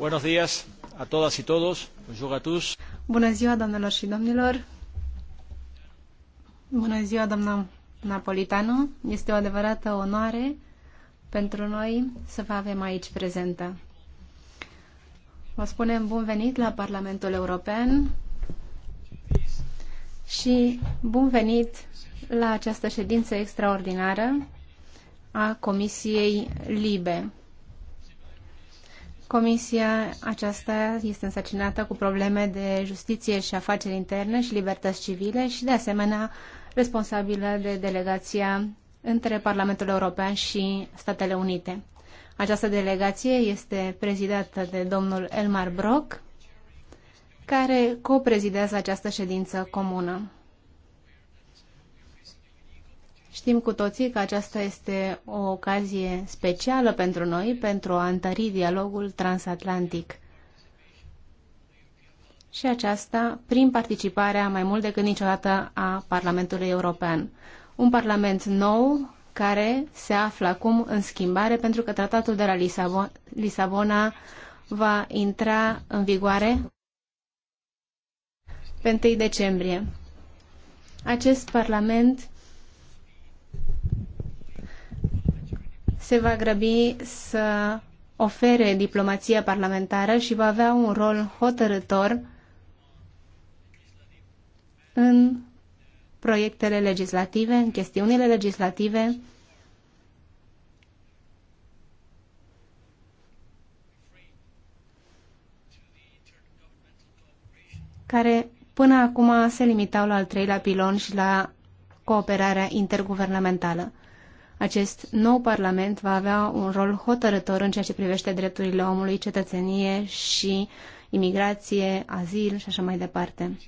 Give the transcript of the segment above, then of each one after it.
Buenos días a todas y todos. Bonjour tous. Bună ziua, doamnelor și domnilor. Bună ziua, doamna Napolitanu. Este o adevărată onoare pentru noi să vă avem aici prezentă. Vă spunem bun venit la Parlamentul European și bun venit la această ședință extraordinară a Comisiei Libe. Comisia aceasta este însărcinată cu probleme de justiție și afaceri interne și libertăți civile și, de asemenea, responsabilă de delegația între Parlamentul European și Statele Unite. Această delegație este prezidată de domnul Elmar Brock, care coprezidează această ședință comună. Știm cu toții că aceasta este o ocazie specială pentru noi pentru a întări dialogul transatlantic. Și aceasta prin participarea mai mult decât niciodată a Parlamentului European. Un parlament nou care se află acum în schimbare pentru că tratatul de la Lisabona, Lisabona va intra în vigoare pe 1 decembrie. Acest parlament se va grăbi să ofere diplomația parlamentară și va avea un rol hotărător în proiectele legislative, în chestiunile legislative, care până acum se limitau la al treilea pilon și la cooperarea interguvernamentală. Acest nou Parlament va avea un rol hotărător în ceea ce privește drepturile omului, cetățenie și imigrație, azil și așa mai departe.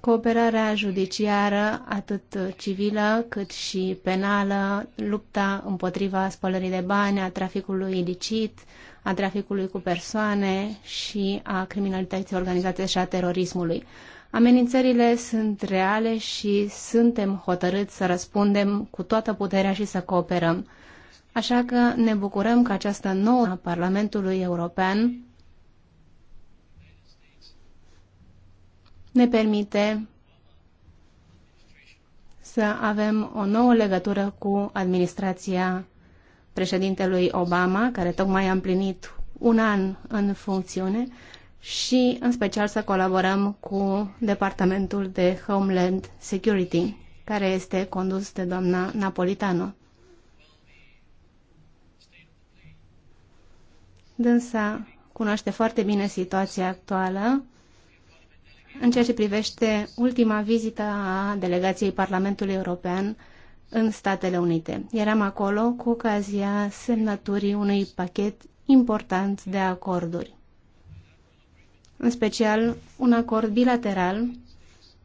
Cooperarea judiciară, atât civilă cât și penală, lupta împotriva spălării de bani, a traficului ilicit, a traficului cu persoane și a criminalității organizate și a terorismului. Amenințările sunt reale și suntem hotărâți să răspundem cu toată puterea și să cooperăm. Așa că ne bucurăm că această nouă a Parlamentului European ne permite să avem o nouă legătură cu administrația președintelui Obama, care tocmai a împlinit un an în funcțiune și în special să colaborăm cu Departamentul de Homeland Security, care este condus de doamna Napolitano. Dânsa cunoaște foarte bine situația actuală în ceea ce privește ultima vizită a delegației Parlamentului European în Statele Unite. Eram acolo cu ocazia semnăturii unui pachet important de acorduri în special un acord bilateral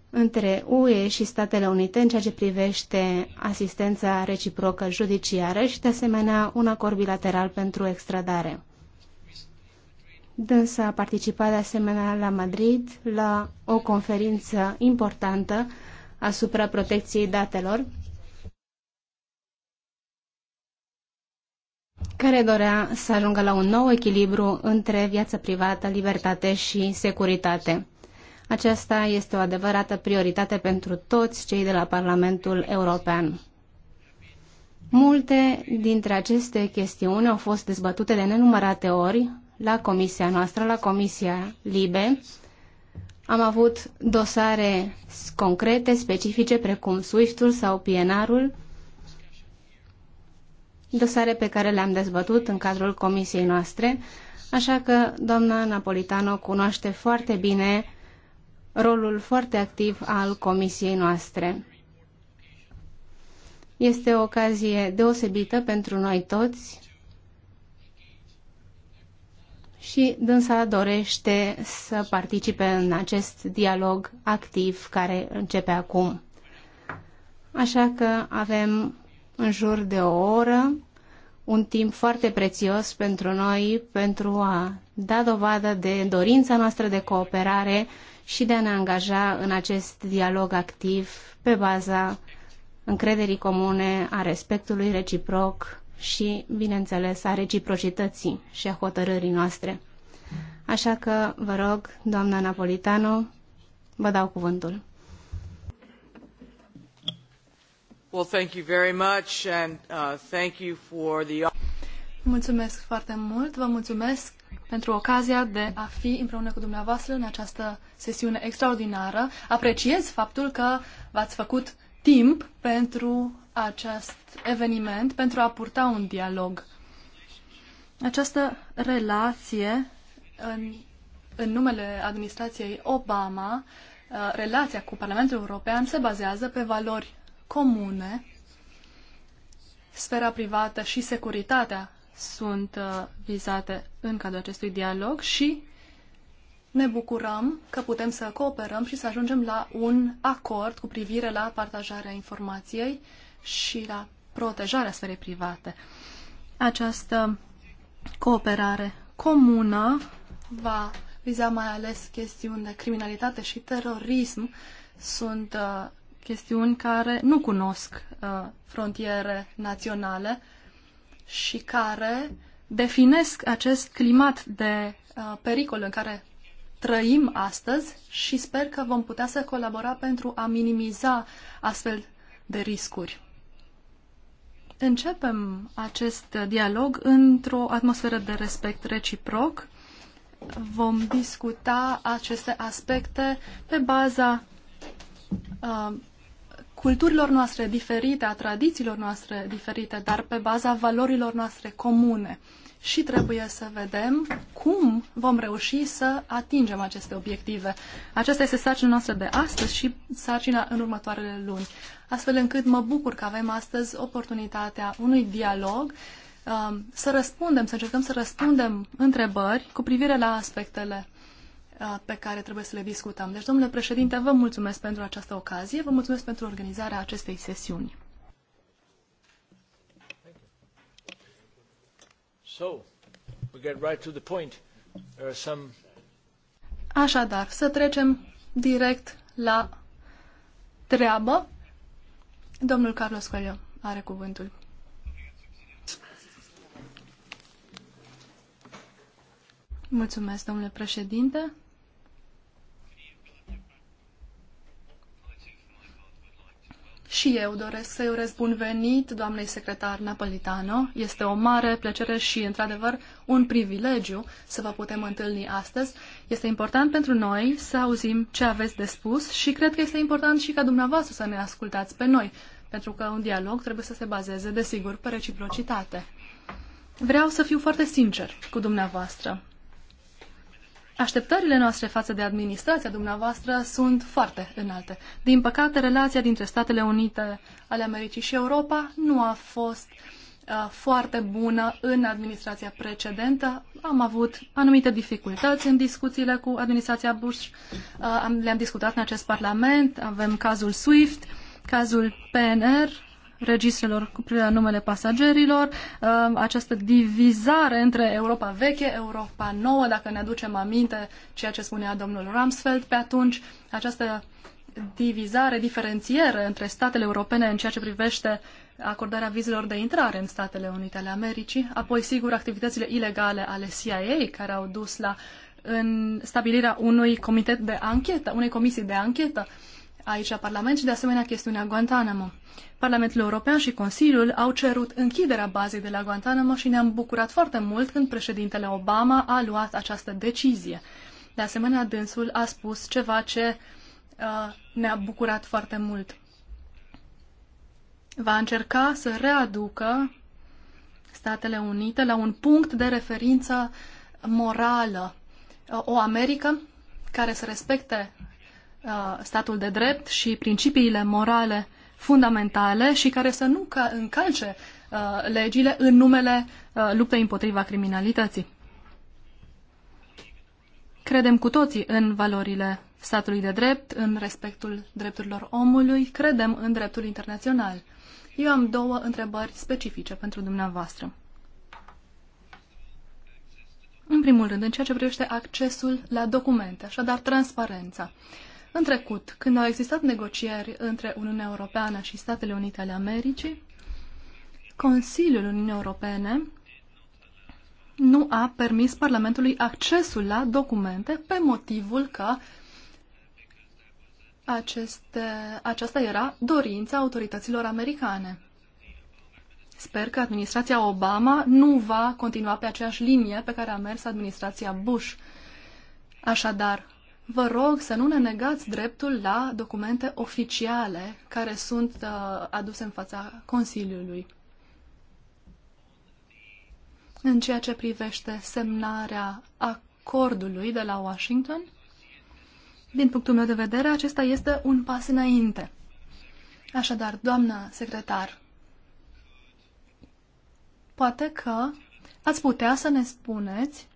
între UE și Statele Unite în ceea ce privește asistența reciprocă judiciară și, de asemenea, un acord bilateral pentru extradare. Dânsa a participat de asemenea la Madrid la o conferință importantă asupra protecției datelor care dorea să ajungă la un nou echilibru între viața privată, libertate și securitate. Aceasta este o adevărată prioritate pentru toți cei de la Parlamentul European. Multe dintre aceste chestiuni au fost dezbătute de nenumărate ori la comisia noastră, la comisia LIBE. Am avut dosare concrete, specifice, precum SWIFT-ul sau PNR-ul, dosare pe care le-am dezbătut în cadrul comisiei noastre, așa că doamna Napolitano cunoaște foarte bine rolul foarte activ al comisiei noastre. Este o ocazie deosebită pentru noi toți și dânsa dorește să participe în acest dialog activ care începe acum. Așa că avem în jur de o oră, un timp foarte prețios pentru noi, pentru a da dovadă de dorința noastră de cooperare și de a ne angaja în acest dialog activ pe baza încrederii comune, a respectului reciproc și, bineînțeles, a reciprocității și a hotărârii noastre. Așa că, vă rog, doamna Napolitano, vă dau cuvântul. Mulțumesc foarte mult, vă mulțumesc pentru ocazia de a fi împreună cu dumneavoastră în această sesiune extraordinară. Apreciez faptul că v-ați făcut timp pentru acest eveniment, pentru a purta un dialog. Această relație în, în numele administrației Obama, uh, relația cu Parlamentul European se bazează pe valori comune, sfera privată și securitatea sunt uh, vizate în cadrul acestui dialog și ne bucurăm că putem să cooperăm și să ajungem la un acord cu privire la partajarea informației și la protejarea sferei private. Această cooperare comună va viza mai ales chestiuni de criminalitate și terorism. Sunt uh, chestiuni care nu cunosc uh, frontiere naționale și care definesc acest climat de uh, pericol în care trăim astăzi și sper că vom putea să colabora pentru a minimiza astfel de riscuri. Începem acest dialog într-o atmosferă de respect reciproc. Vom discuta aceste aspecte pe baza uh, culturilor noastre diferite, a tradițiilor noastre diferite, dar pe baza valorilor noastre comune. Și trebuie să vedem cum vom reuși să atingem aceste obiective. Aceasta este sarcina noastră de astăzi și sarcina în următoarele luni. Astfel încât mă bucur că avem astăzi oportunitatea unui dialog um, să răspundem, să încercăm să răspundem întrebări cu privire la aspectele Uh, pe care trebuie să le discutăm. Deci, domnule președinte, vă mulțumesc pentru această ocazie, vă mulțumesc pentru organizarea acestei sesiuni. So, we get right to the point. There are some... Așadar, să trecem direct la treabă. Domnul Carlos Coelho are cuvântul. Mulțumesc, domnule președinte. Și eu doresc să-i urez bun venit doamnei secretar Napolitano. Este o mare plăcere și, într-adevăr, un privilegiu să vă putem întâlni astăzi. Este important pentru noi să auzim ce aveți de spus și cred că este important și ca dumneavoastră să ne ascultați pe noi, pentru că un dialog trebuie să se bazeze, desigur, pe reciprocitate. Vreau să fiu foarte sincer cu dumneavoastră. Așteptările noastre față de administrația dumneavoastră sunt foarte înalte. Din păcate, relația dintre Statele Unite ale Americii și Europa nu a fost uh, foarte bună în administrația precedentă. Am avut anumite dificultăți în discuțiile cu administrația Bush. Uh, le-am discutat în acest parlament. Avem cazul SWIFT, cazul PNR, registrelor cu privire la numele pasagerilor, această divizare între Europa veche, Europa nouă, dacă ne aducem aminte ceea ce spunea domnul Rumsfeld pe atunci, această divizare, diferențiere între statele europene în ceea ce privește acordarea vizelor de intrare în Statele Unite ale Americii, apoi, sigur, activitățile ilegale ale CIA, care au dus la în stabilirea unui comitet de anchetă, unei comisii de anchetă aici la Parlament și, de asemenea, chestiunea Guantanamo. Uh, Parlamentul European și Consiliul au cerut închiderea bazei de la Guantanamo și ne-am bucurat foarte mult când președintele Obama a luat această decizie. De asemenea, dânsul a spus ceva ce uh, ne-a bucurat foarte mult. Va încerca să readucă Statele Unite la un punct de referință morală. O Americă care să respecte uh, statul de drept și principiile morale fundamentale și care să nu ca- încalce uh, legile în numele uh, luptei împotriva criminalității. Credem cu toții în valorile statului de drept, în respectul drepturilor omului, credem în dreptul internațional. Eu am două întrebări specifice pentru dumneavoastră. În primul rând, în ceea ce privește accesul la documente, așadar transparența. Uh, în trecut, când au existat negocieri între Uniunea Europeană și Statele Unite ale Americii, Consiliul Uniunii Europene nu a permis Parlamentului accesul la documente pe motivul că aceste, aceasta era dorința autorităților americane. Sper că administrația Obama nu va continua pe aceeași linie pe care a mers administrația Bush. Așadar, Vă rog să nu ne negați dreptul la documente oficiale care sunt uh, aduse în fața Consiliului. În ceea ce privește semnarea acordului de la Washington, din punctul meu de vedere, acesta este un pas înainte. Așadar, doamnă secretar, poate că ați putea să ne spuneți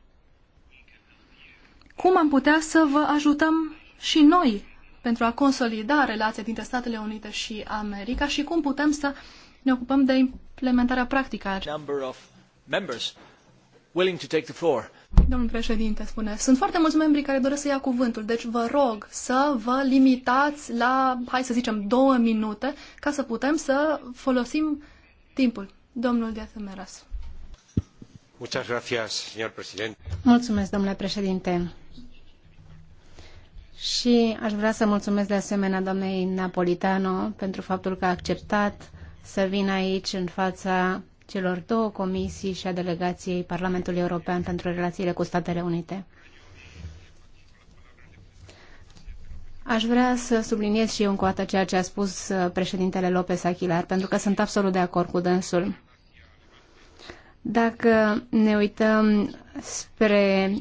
cum am putea să vă ajutăm și noi pentru a consolida relația dintre Statele Unite și America și cum putem să ne ocupăm de implementarea practică. Domnul președinte spune, sunt foarte mulți membri care doresc să ia cuvântul, deci vă rog să vă limitați la, hai să zicem, două minute ca să putem să folosim timpul. Domnul Diathemeras. Mulțumesc, domnule președinte. Și aș vrea să mulțumesc de asemenea doamnei Napolitano pentru faptul că a acceptat să vină aici în fața celor două comisii și a delegației Parlamentului European pentru relaiile cu Statele Unite. Aș vrea să subliniez și eu încă o dată ceea ce a spus uh, președintele López Aguilar, pentru că sunt absolut de acord cu dânsul. Dacă ne uităm spre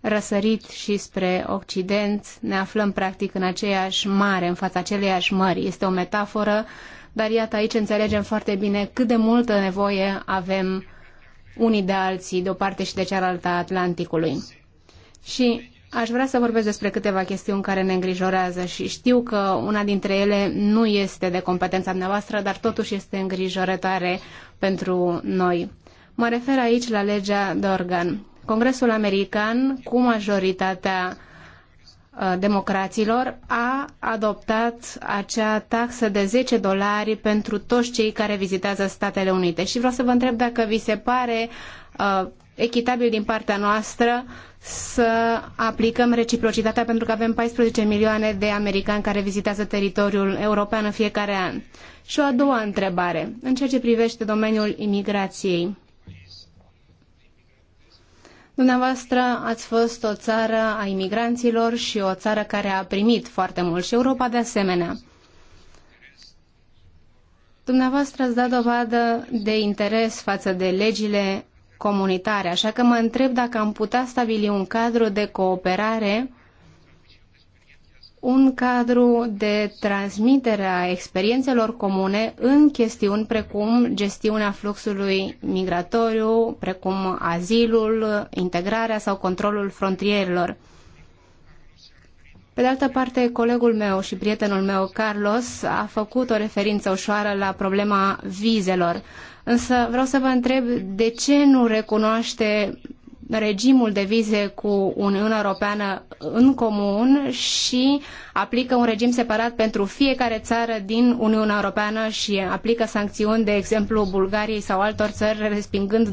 răsărit și spre Occident, ne aflăm practic în aceeași mare, în fața aceleiași mări. Este o metaforă, dar iată aici înțelegem foarte bine cât de multă nevoie avem unii de alții, de o parte și de cealaltă a Atlanticului. Și aș vrea să vorbesc despre câteva chestiuni care ne îngrijorează și știu că una dintre ele nu este de competența noastră, dar totuși este îngrijorătoare pentru noi. Mă refer aici la legea Dorgan. Congresul american, cu majoritatea uh, democraților, a adoptat acea taxă de 10 dolari pentru toți cei care vizitează Statele Unite. Și vreau să vă întreb dacă vi se pare uh, echitabil din partea noastră să aplicăm reciprocitatea pentru că avem 14 milioane de americani care vizitează teritoriul european în fiecare an. Și o a doua întrebare, în ceea ce privește domeniul imigrației. Dumneavoastră ați fost o țară a imigranților și o țară care a primit foarte mult și Europa de asemenea. Dumneavoastră ați dat dovadă de interes față de legile comunitare, așa că mă întreb dacă am putea stabili un cadru de cooperare un cadru de transmitere a experiențelor comune în chestiuni precum gestiunea fluxului migratoriu, precum azilul, integrarea sau controlul frontierelor. Pe de altă parte, colegul meu și prietenul meu, Carlos, a făcut o referință ușoară la problema vizelor. Însă vreau să vă întreb de ce nu recunoaște regimul de vize cu Uniunea Europeană în comun și aplică un regim separat pentru fiecare țară din Uniunea Europeană și aplică sancțiuni, de exemplu, Bulgariei sau altor țări, respingând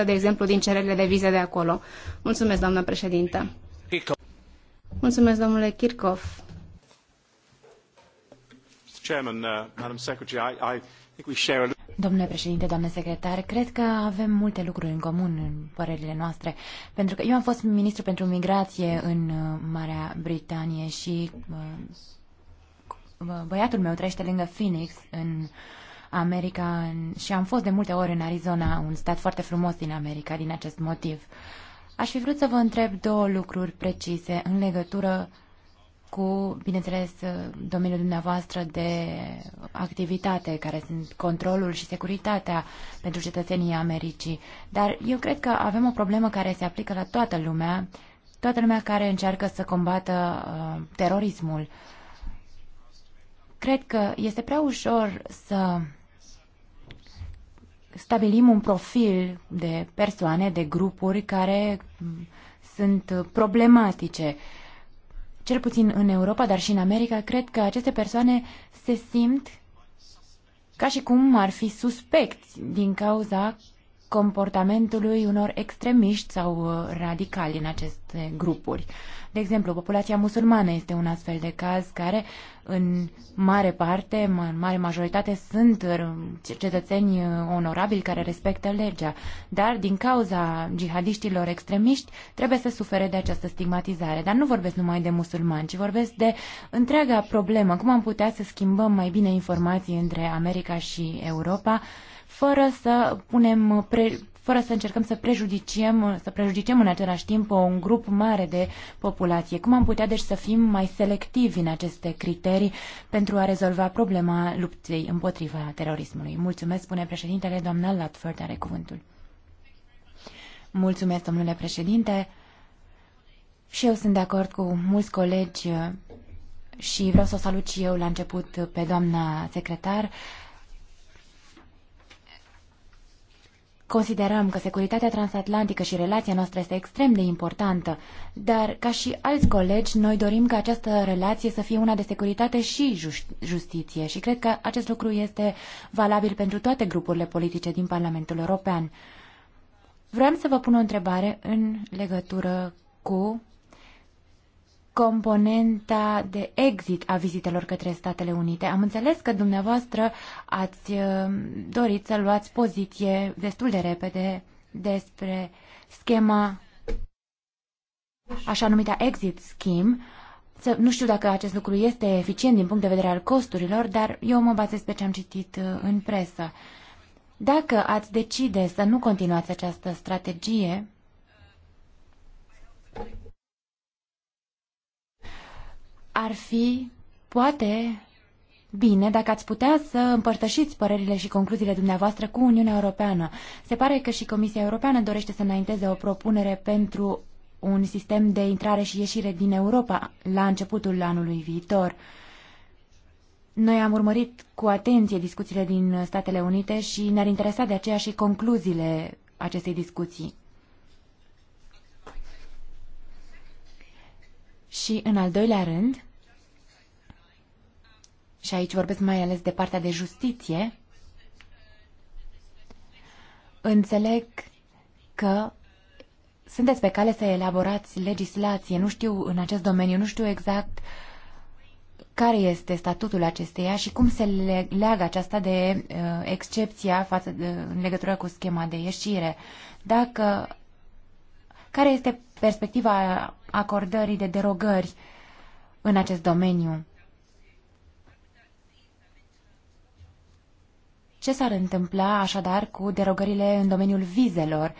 20%, de exemplu, din cererile de vize de acolo. Mulțumesc, doamnă președintă. Mulțumesc, domnule Kirchhoff. Chairman, uh, Madam Secretary, I, I think we share a Domnule președinte, doamne secretar, cred că avem multe lucruri în comun în părerile noastre, pentru că eu am fost ministru pentru migrație în uh, Marea Britanie și uh, băiatul meu trăiește lângă Phoenix în America și am fost de multe ori în Arizona, un stat foarte frumos din America din acest motiv. Aș fi vrut să vă întreb două lucruri precise în legătură cu, bineînțeles, domeniul dumneavoastră de activitate, care sunt controlul și securitatea pentru cetățenii Americii. Dar eu cred că avem o problemă care se aplică la toată lumea, toată lumea care încearcă să combată uh, terorismul. Cred că este prea ușor să stabilim un profil de persoane, de grupuri care mm, sunt problematice. Uh, cel puțin în Europa, dar și în America, cred că aceste persoane se simt ca și cum ar fi suspecti din cauza comportamentului unor extremiști sau uh, radicali în aceste grupuri. De exemplu, populația musulmană este un astfel de caz care, în mare parte, în mare majoritate, sunt uh, cetățeni uh, onorabili care respectă legea, dar din cauza jihadiștilor extremiști trebuie să sufere de această stigmatizare. Dar nu vorbesc numai de musulmani, ci vorbesc de întreaga problemă, cum am putea să schimbăm mai bine informații între America și Europa, fără să punem pre, fără să încercăm să prejudiciem, să prejudiciem în același timp un grup mare de populație. Cum am putea deci să fim mai selectivi în aceste criterii pentru a rezolva problema luptei împotriva terorismului? Mulțumesc, spune președintele, doamna Latford are cuvântul. Mulțumesc, domnule președinte. Și eu sunt de acord cu mulți colegi și vreau să o salut și eu la început pe doamna secretar. Uh, Considerăm că securitatea transatlantică și relația noastră este extrem de importantă, dar ca și alți colegi, noi dorim ca această relație să fie una de securitate și justiție și cred că acest lucru este valabil pentru toate grupurile politice din Parlamentul European. Vreau să vă pun o întrebare în legătură cu componenta de exit a vizitelor către Statele Unite. Am înțeles că dumneavoastră ați uh, dorit să luați poziție destul de repede despre schema așa numita exit scheme. Să, nu știu dacă acest lucru este eficient din punct de vedere al costurilor, dar eu mă bazez pe ce am citit uh, în presă. Dacă ați decide să nu continuați această strategie, ar fi poate bine dacă ați putea să împărtășiți părerile și concluziile dumneavoastră cu Uniunea Europeană. Se pare că și Comisia Europeană dorește să înainteze o propunere pentru un sistem de intrare și ieșire din Europa la începutul anului viitor. Noi am urmărit cu atenție discuțiile din Statele Unite și ne-ar interesa de aceea și concluziile acestei discuții. Și în al doilea rând, și aici vorbesc mai ales de partea de justiție, înțeleg că sunteți pe cale să elaborați legislație, nu știu în acest domeniu, nu știu exact care este statutul acesteia și cum se leagă aceasta de uh, excepția față de, în legătură cu schema de ieșire. Dacă care este perspectiva acordării de derogări în acest domeniu? Ce s-ar întâmpla așadar cu derogările în domeniul vizelor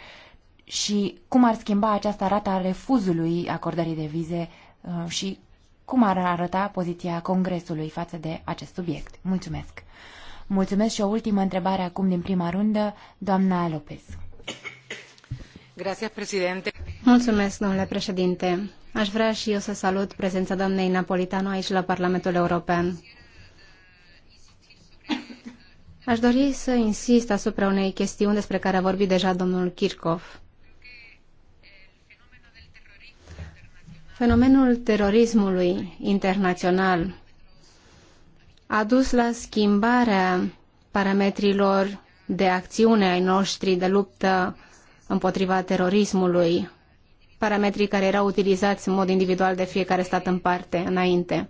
și cum ar schimba această rata a refuzului acordării de vize uh, și cum ar arăta poziția Congresului față de acest subiect? Mulțumesc! Mulțumesc și o ultimă întrebare acum din prima rundă, doamna Lopez. Mulțumesc, domnule președinte. Aș vrea și eu să salut prezența doamnei Napolitano aici la Parlamentul European. Aș dori să insist asupra unei chestiuni despre care a vorbit deja domnul Kirchhoff. Fenomenul terorismului internațional a dus la schimbarea parametrilor de acțiune ai noștri de luptă împotriva terorismului, parametrii care erau utilizați în mod individual de fiecare stat în parte înainte.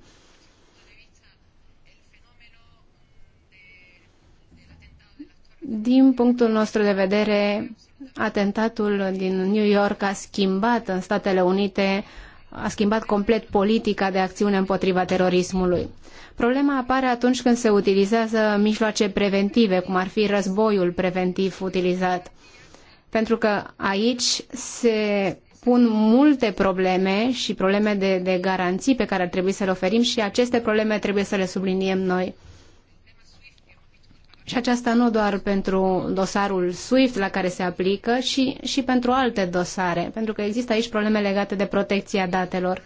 Din punctul nostru de vedere, atentatul din New York a schimbat în Statele Unite a schimbat complet politica de acțiune împotriva terorismului. Problema apare atunci când se utilizează mijloace preventive, cum ar fi războiul preventiv utilizat. Pentru că aici se pun multe probleme și probleme de, de garanții pe care ar trebui să le oferim și aceste probleme trebuie să le subliniem noi. Și aceasta nu doar pentru dosarul SWIFT la care se aplică, ci și pentru alte dosare, pentru că există aici probleme legate de protecția datelor.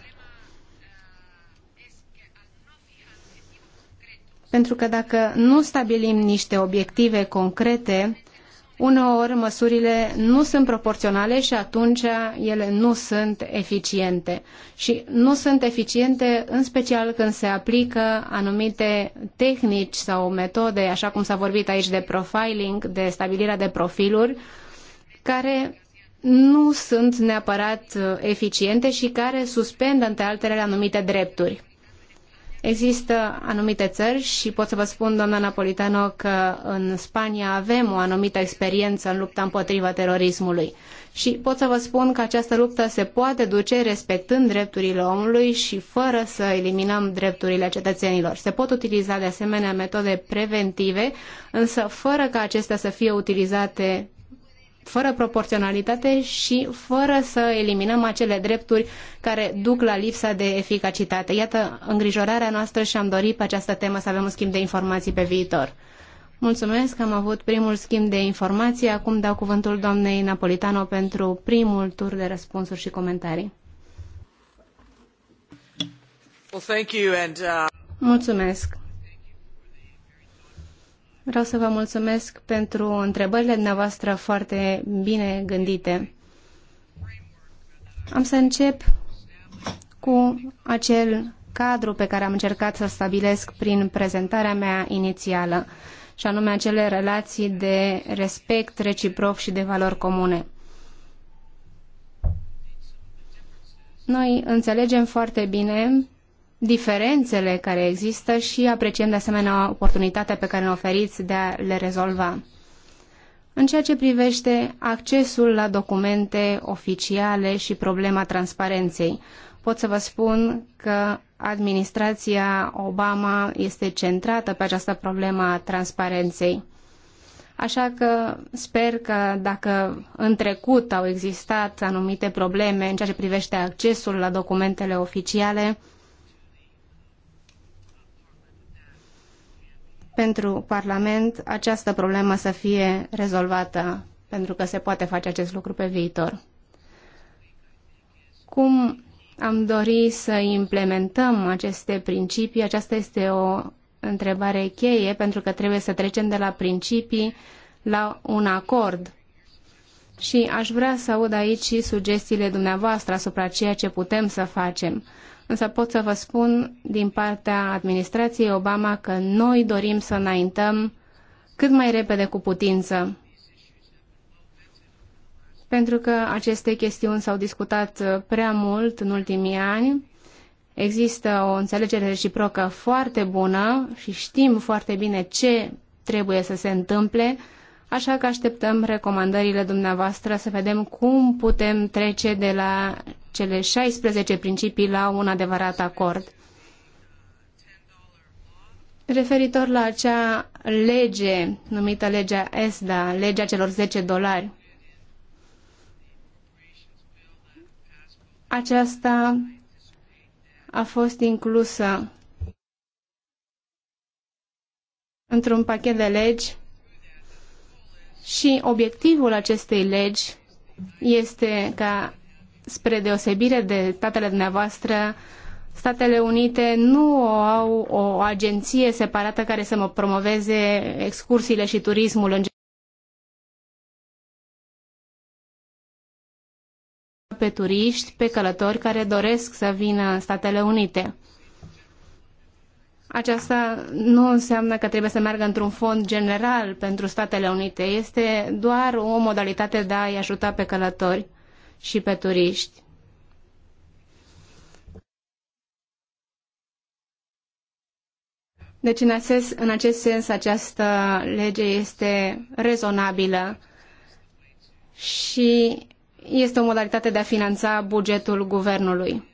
Pentru că dacă nu stabilim niște obiective concrete, Uneori măsurile nu sunt proporționale și atunci ele nu sunt eficiente. Și nu sunt eficiente în special când se aplică anumite tehnici sau metode, așa cum s-a vorbit aici de profiling, de stabilirea de profiluri, care nu sunt neapărat eficiente și care suspendă între altele anumite drepturi. Există anumite țări și pot să vă spun, doamna Napolitano, că în Spania avem o anumită experiență în lupta împotriva terorismului. Și pot să vă spun că această luptă se poate duce respectând drepturile omului și fără să eliminăm drepturile cetățenilor. Se pot utiliza de asemenea metode preventive, însă fără ca acestea să fie utilizate fără proporționalitate și fără să eliminăm acele drepturi care duc la lipsa de eficacitate. Iată îngrijorarea noastră și am dorit pe această temă să avem un schimb de informații pe viitor. Mulțumesc, am avut primul schimb de informații. Acum dau cuvântul doamnei Napolitano pentru primul tur de răspunsuri și comentarii. Well, thank you and, uh... Mulțumesc. Vreau să vă mulțumesc pentru întrebările dumneavoastră foarte bine gândite. Am să încep cu acel cadru pe care am încercat să stabilesc prin prezentarea mea inițială, și anume acele relații de respect reciproc și de valori comune. Noi înțelegem foarte bine diferențele care există și apreciem de asemenea oportunitatea pe care ne oferiți de a le rezolva. În ceea ce privește accesul la documente oficiale și problema transparenței, pot să vă spun că administrația Obama este centrată pe această problemă a transparenței. Așa că sper că dacă în trecut au existat anumite probleme în ceea ce privește accesul la documentele oficiale, pentru Parlament această problemă să fie rezolvată, pentru că se poate face acest lucru pe viitor. Cum am dori să implementăm aceste principii? Aceasta este o întrebare cheie, pentru că trebuie să trecem de la principii la un acord. Și aș vrea să aud aici și sugestiile dumneavoastră asupra ceea ce putem să facem. Însă pot să vă spun din partea administrației Obama că noi dorim să înaintăm cât mai repede cu putință. Pentru că aceste chestiuni s-au discutat prea mult în ultimii ani, există o înțelegere reciprocă foarte bună și știm foarte bine ce trebuie să se întâmple, așa că așteptăm recomandările dumneavoastră să vedem cum putem trece de la cele 16 principii la un adevărat acord. Referitor la acea lege numită legea ESDA, legea celor 10 dolari, aceasta a fost inclusă într-un pachet de legi și obiectivul acestei legi este ca spre deosebire de statele dumneavoastră, Statele Unite nu au o agenție separată care să mă promoveze excursiile și turismul în pe turiști, pe călători care doresc să vină în Statele Unite. Aceasta nu înseamnă că trebuie să meargă într-un fond general pentru Statele Unite. Este doar o modalitate de a-i ajuta pe călători și pe turiști. Deci, în acest, în acest sens, această lege este rezonabilă și este o modalitate de a finanța bugetul guvernului.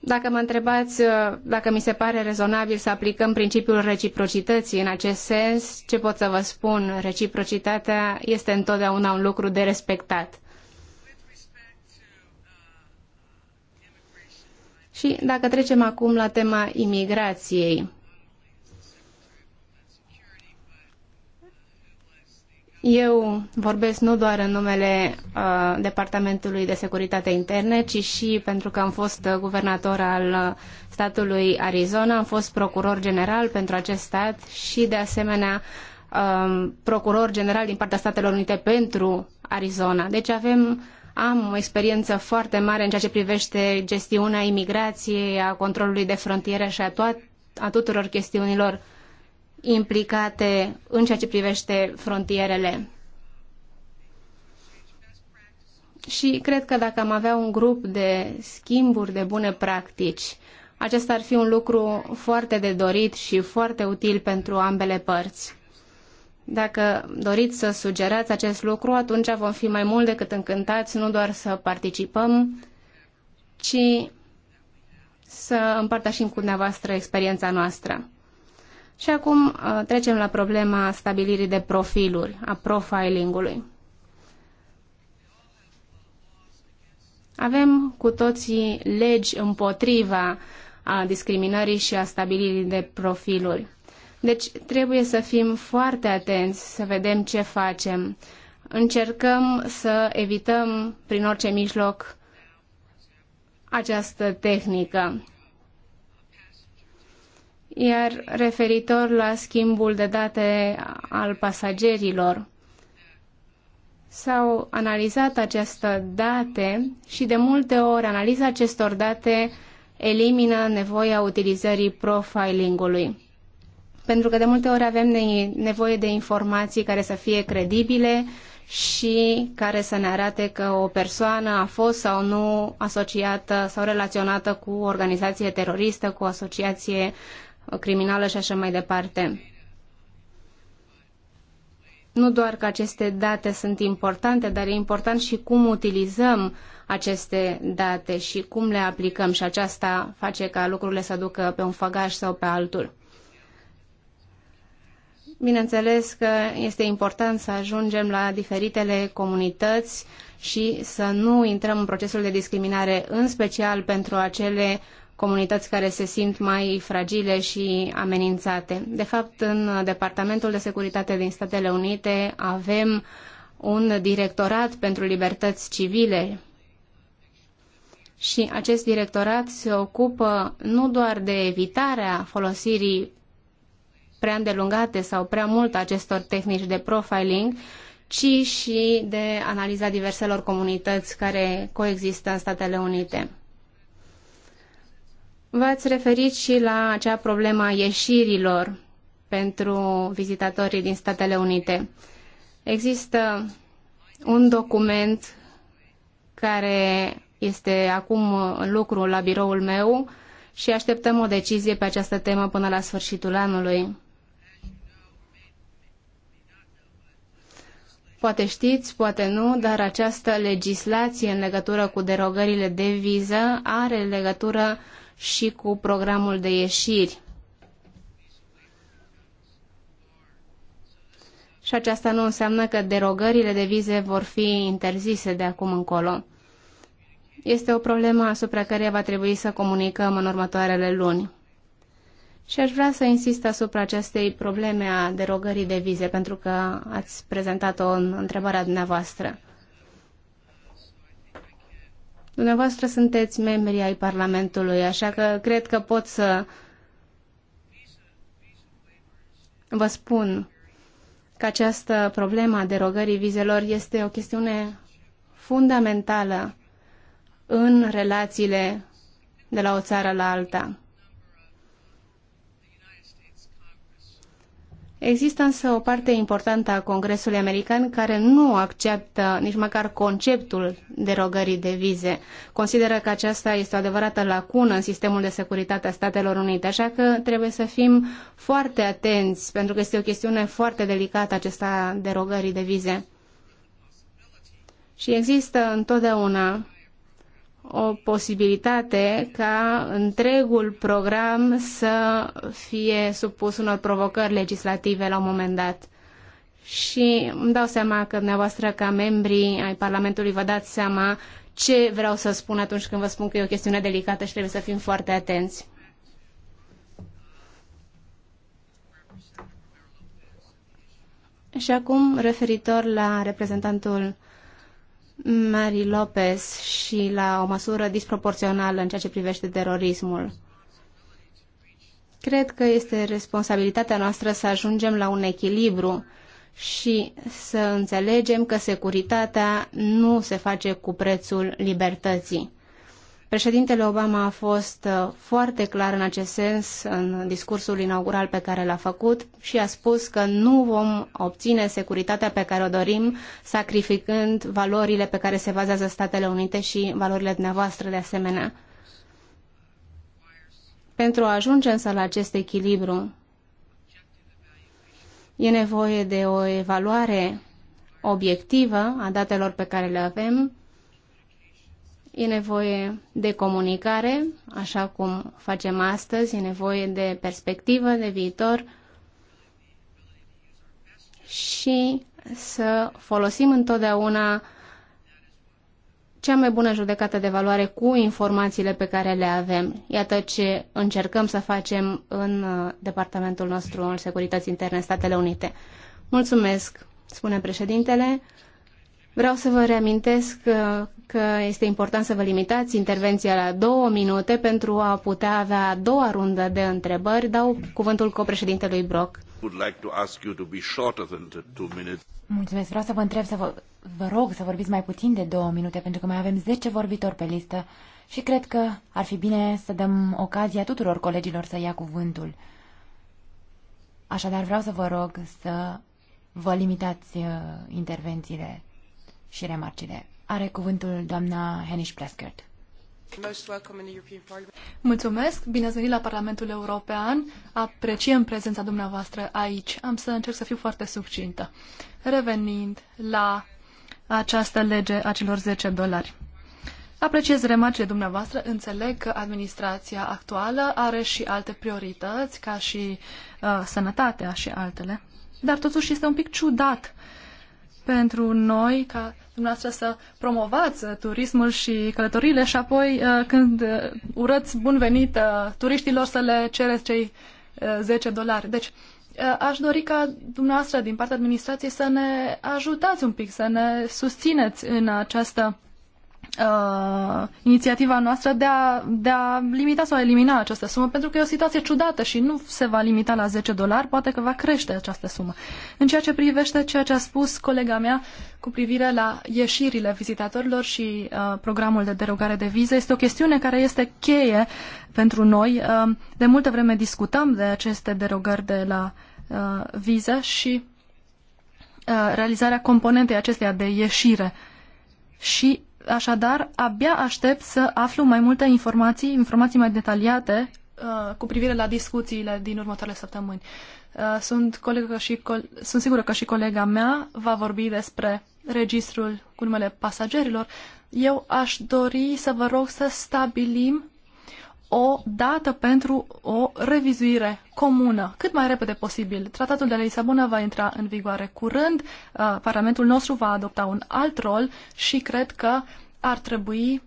Dacă mă întrebați uh, dacă mi se pare rezonabil să aplicăm principiul reciprocității în acest sens, ce pot să vă spun? Reciprocitatea este întotdeauna un lucru de respectat. Și dacă trecem acum la tema imigrației. Eu vorbesc nu doar în numele uh, Departamentului de Securitate Interne, ci și pentru că am fost uh, guvernator al uh, statului Arizona, am fost procuror general pentru acest stat și de asemenea uh, procuror general din partea Statelor Unite pentru Arizona. Deci avem am o experiență foarte mare în ceea ce privește gestiunea imigrației, a controlului de frontieră și a, a tuturor chestiunilor implicate în ceea ce privește frontierele. Și cred că dacă am avea un grup de schimburi de bune practici, acesta ar fi un lucru foarte de dorit și foarte util pentru ambele părți. Dacă doriți să sugerați acest lucru, atunci vom fi mai mult decât încântați nu doar să participăm, ci să împărtășim cu dumneavoastră experiența noastră. Și acum uh, trecem la problema stabilirii de profiluri, a profilingului. Avem cu toții legi împotriva a uh, discriminării și a stabilirii de profiluri. Deci trebuie să fim foarte atenți, să vedem ce facem. Încercăm să evităm prin orice mijloc această tehnică. Iar referitor la schimbul de date al pasagerilor, s-au analizat aceste date și de multe ori analiza acestor date elimină nevoia utilizării profilingului pentru că de multe ori avem nevoie de informații care să fie credibile și care să ne arate că o persoană a fost sau nu asociată sau relaționată cu o organizație teroristă, cu o asociație criminală și așa mai departe. Nu doar că aceste date sunt importante, dar e important și cum utilizăm aceste date și cum le aplicăm și aceasta face ca lucrurile să ducă pe un făgaș sau pe altul. Bineînțeles că este important să ajungem la diferitele comunități și să nu intrăm în procesul de discriminare, în special pentru acele comunități care se simt mai fragile și amenințate. De fapt, în Departamentul de Securitate din Statele Unite avem un directorat pentru libertăți civile și acest directorat se ocupă nu doar de evitarea folosirii prea îndelungate sau prea mult acestor tehnici de profiling, ci și de analiza diverselor comunități care coexistă în Statele Unite. V-ați referit și la acea problemă a ieșirilor pentru vizitatorii din Statele Unite. Există un document care este acum în lucru la biroul meu și așteptăm o decizie pe această temă până la sfârșitul anului. Poate știți, poate nu, dar această legislație în legătură cu derogările de viză are legătură și cu programul de ieșiri. Și aceasta nu înseamnă că derogările de vize vor fi interzise de acum încolo. Este o problemă asupra care va trebui să comunicăm în următoarele luni. Și aș vrea să insist asupra acestei probleme a derogării de vize, pentru că ați prezentat-o în întrebarea dumneavoastră. Dumneavoastră sunteți membri ai Parlamentului, așa că cred că pot să vă spun că această problemă a derogării vizelor este o chestiune fundamentală în relațiile de la o țară la alta. Există însă o parte importantă a Congresului American care nu acceptă nici măcar conceptul derogării de vize. Consideră că aceasta este o adevărată lacună în sistemul de securitate a Statelor Unite, așa că trebuie să fim foarte atenți, pentru că este o chestiune foarte delicată acesta derogării de vize. Și există întotdeauna o posibilitate ca întregul program să fie supus unor provocări legislative la un moment dat. Și îmi dau seama că dumneavoastră, ca membri ai Parlamentului, vă dați seama ce vreau să spun atunci când vă spun că e o chestiune delicată și trebuie să fim foarte atenți. Și acum, referitor la reprezentantul Mary Lopez și la o măsură disproporțională în ceea ce privește terorismul. Cred că este responsabilitatea noastră să ajungem la un echilibru și să înțelegem că securitatea nu se face cu prețul libertății. Președintele Obama a fost uh, foarte clar în acest sens în discursul inaugural pe care l-a făcut și a spus că nu vom obține securitatea pe care o dorim sacrificând valorile pe care se bazează Statele Unite și valorile dumneavoastră de asemenea. Pentru a ajunge însă la acest echilibru, e nevoie de o evaluare obiectivă a datelor pe care le avem E nevoie de comunicare, așa cum facem astăzi, e nevoie de perspectivă, de viitor și să folosim întotdeauna cea mai bună judecată de valoare cu informațiile pe care le avem. Iată ce încercăm să facem în uh, departamentul nostru al Securității Interne Statele Unite. Mulțumesc, spune președintele. Vreau să vă reamintesc uh, că este important să vă limitați intervenția la două minute pentru a putea avea a doua rundă de întrebări. Dau cuvântul copreședintelui Brock. Mulțumesc. Vreau să vă întreb să vă, vă rog să vorbiți mai puțin de două minute, pentru că mai avem 10 vorbitori pe listă și cred că ar fi bine să dăm ocazia tuturor colegilor să ia cuvântul. Așadar, vreau să vă rog să vă limitați uh, intervențiile și remarcile. Are cuvântul doamna Henish Pleskert. Mulțumesc, bine ați venit la Parlamentul European. Apreciem prezența dumneavoastră aici. Am să încerc să fiu foarte succintă. Revenind la această lege a celor 10 dolari. Apreciez remarcile dumneavoastră, înțeleg că administrația actuală are și alte priorități, ca și uh, sănătatea și altele. Dar totuși este un pic ciudat pentru noi ca dumneavoastră să promovați uh, turismul și călătoriile și apoi uh, când uh, urăți bun venit turiștilor să le cereți cei 10 dolari. Deci aș dori ca dumneavoastră din partea administrației să ne ajutați un pic, să ne susțineți în această uh, inițiativa noastră de a, de a limita sau elimina această sumă, pentru că e o situație ciudată și nu se va limita la 10 dolari, poate că va crește această sumă. În ceea ce privește ceea ce a spus colega mea cu privire la ieșirile vizitatorilor și uh, programul de derogare de vize, este o chestiune care este cheie pentru noi. Uh, de multă vreme discutăm de aceste derogări de la uh, viză și uh, realizarea componentei acesteia de ieșire. Și Așadar, abia aștept să aflu mai multe informații, informații mai detaliate uh, cu privire la discuțiile din următoarele săptămâni. Uh, sunt, colegă și sunt sigură că și colega mea va vorbi despre registrul cu numele pasagerilor. Eu aș dori să vă rog să stabilim o dată pentru o revizuire comună, cât mai repede posibil. Tratatul de la Lisabona va intra în vigoare curând, uh, Parlamentul nostru va adopta un alt rol și cred că ar trebui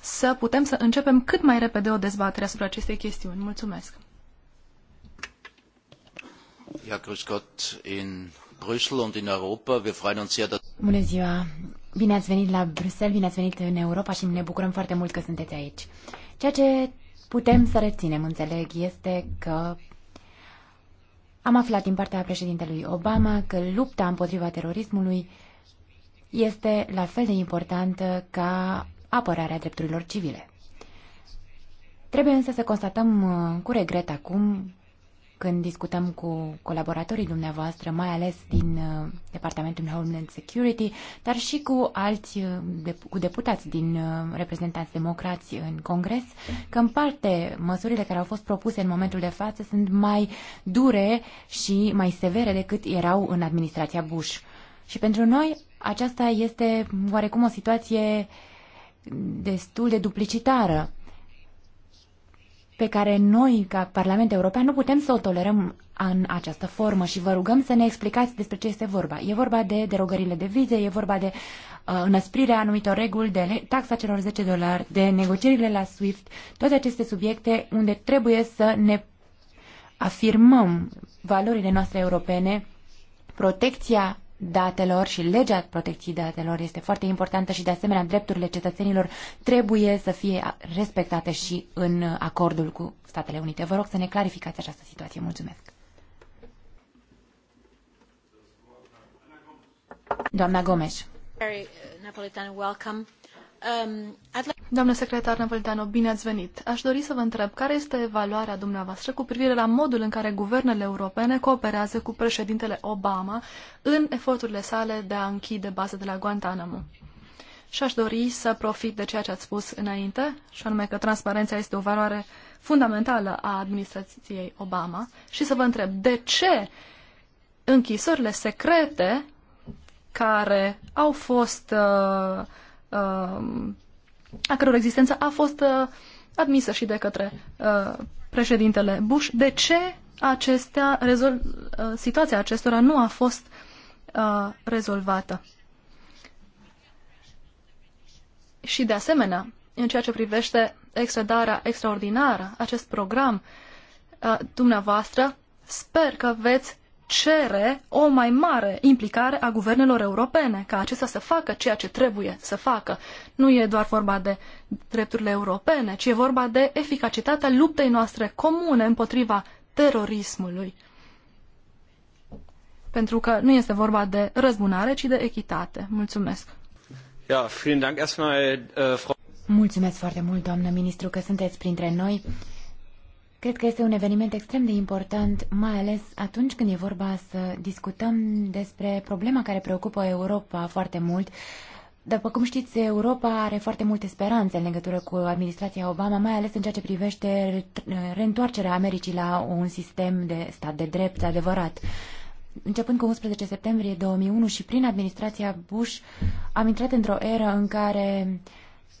să putem să începem cât mai repede o dezbatere asupra acestei chestiuni. Mulțumesc! Bună ziua! Bine ați venit la Bruxelles, bine ați venit în Europa și ne bucurăm foarte mult că sunteți aici. Ceea ce putem să reținem, înțeleg, este că am aflat din partea președintelui Obama că lupta împotriva terorismului este la fel de importantă ca apărarea drepturilor civile. Trebuie însă să constatăm uh, cu regret acum când discutăm cu colaboratorii dumneavoastră, mai ales din uh, Departamentul Homeland Security, dar și cu alți uh, cu deputați din uh, reprezentanți democrați în Congres, că în parte măsurile care au fost propuse în momentul de față sunt mai dure și mai severe decât erau în administrația Bush. Și pentru noi aceasta este oarecum o situație destul de duplicitară pe care noi, ca Parlament European, nu putem să o tolerăm în această formă și vă rugăm să ne explicați despre ce este vorba. E vorba de derogările de vize, e vorba de uh, înăsprirea anumitor reguli, de taxa celor 10 dolari, de negocierile la SWIFT, toate aceste subiecte unde trebuie să ne afirmăm valorile noastre europene, protecția datelor și legea protecției datelor este foarte importantă și de asemenea drepturile cetățenilor trebuie să fie respectate și în acordul cu Statele Unite. Vă rog să ne clarificați această situație. Mulțumesc. Doamna Gomes. Uh, Napolitan, welcome. Um, Doamnă secretar Napolitano, bine ați venit. Aș dori să vă întreb care este evaluarea dumneavoastră cu privire la modul în care guvernele europene cooperează cu președintele Obama în eforturile sale de a închide baza de la Guantanamo. Și aș dori să profit de ceea ce ați spus înainte, și anume că transparența este o valoare fundamentală a administrației Obama, și să vă întreb de ce închisorile secrete care au fost uh, a căror existență a fost uh, admisă și de către uh, președintele Bush. De ce acestea, rezol, uh, situația acestora nu a fost rezolvată? Și de asemenea, în ceea ce privește extradarea extraordinară, acest program, dumneavoastră, sper că veți cere o mai mare implicare a guvernelor europene, ca acestea să facă ceea ce trebuie să facă. Nu e doar vorba de drepturile europene, ci e vorba de eficacitatea luptei noastre comune împotriva terorismului. Pentru că nu este vorba de răzbunare, ci de echitate. Mulțumesc! Ja, vielen Dank erstmal, uh, Frau Mulțumesc foarte mult, doamnă ministru, că sunteți printre noi Cred că este un eveniment extrem de important, mai ales atunci când e vorba să discutăm despre problema care preocupă Europa foarte mult. După cum știți, Europa are foarte multe speranțe în legătură cu administrația Obama, mai ales în ceea ce privește reîntoarcerea Americii la un sistem de stat de drept adevărat începând cu 11 septembrie 2001 și prin administrația Bush, am intrat într-o eră în care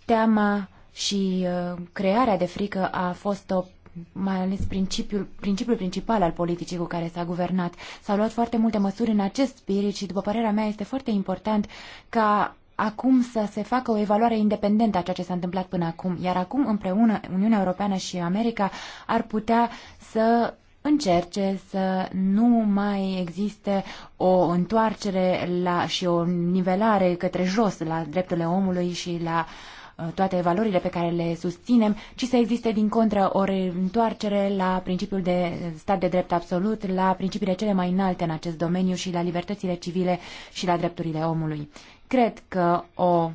teama și uh, crearea de frică a fost o mai ales principiul, principiul principal al politicii cu care s-a guvernat. S-au luat foarte multe măsuri în acest spirit și, după părerea mea, este foarte important ca acum să se facă o evaluare independentă a ceea ce s-a întâmplat până acum, iar acum împreună Uniunea Europeană și America ar putea să încerce să nu mai existe o întoarcere la, și o nivelare către jos la drepturile omului și la uh, Uh, toate valorile pe care le susținem, ci să existe din contră o întoarcere la principiul de stat de drept absolut, la principiile cele mai înalte în acest domeniu și la libertățile civile și la drepturile omului. Cred că o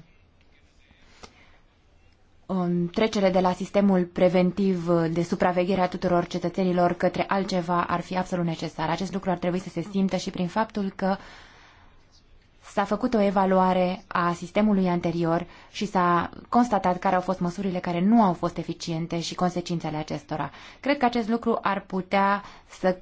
trecere de la sistemul preventiv de supraveghere a tuturor cetățenilor către altceva ar fi absolut necesar. Acest lucru ar trebui să se simtă și prin faptul că uh, S-a făcut o evaluare a sistemului anterior și s-a constatat care au fost măsurile care nu au fost eficiente și consecințele acestora. Cred că acest lucru ar putea să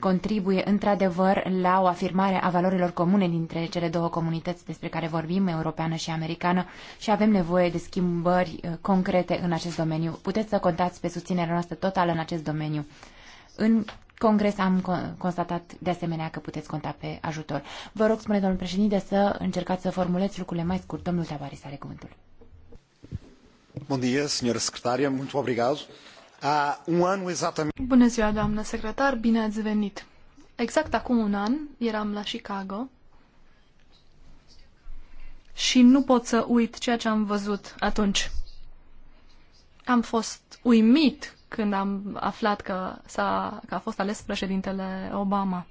contribuie într-adevăr la o afirmare a valorilor comune dintre cele două comunități despre care vorbim, europeană și americană, și avem nevoie de schimbări uh, concrete în acest domeniu. Puteți să contați pe susținerea noastră totală în acest domeniu. În congres am constatat de asemenea că puteți conta pe ajutor. Vă rog, spune domnul președinte, să încercați să formuleți lucrurile mai scurt. Domnul Tavares are cuvântul. Bun dia, senhora secretária, muito obrigado. Há un um an exatamente... Bună ziua, doamnă secretar, bine ați venit. Exact acum un an eram la Chicago și nu pot să uit ceea ce am văzut atunci. Am fost uimit când am aflat că, s-a, că a fost ales președintele Obama.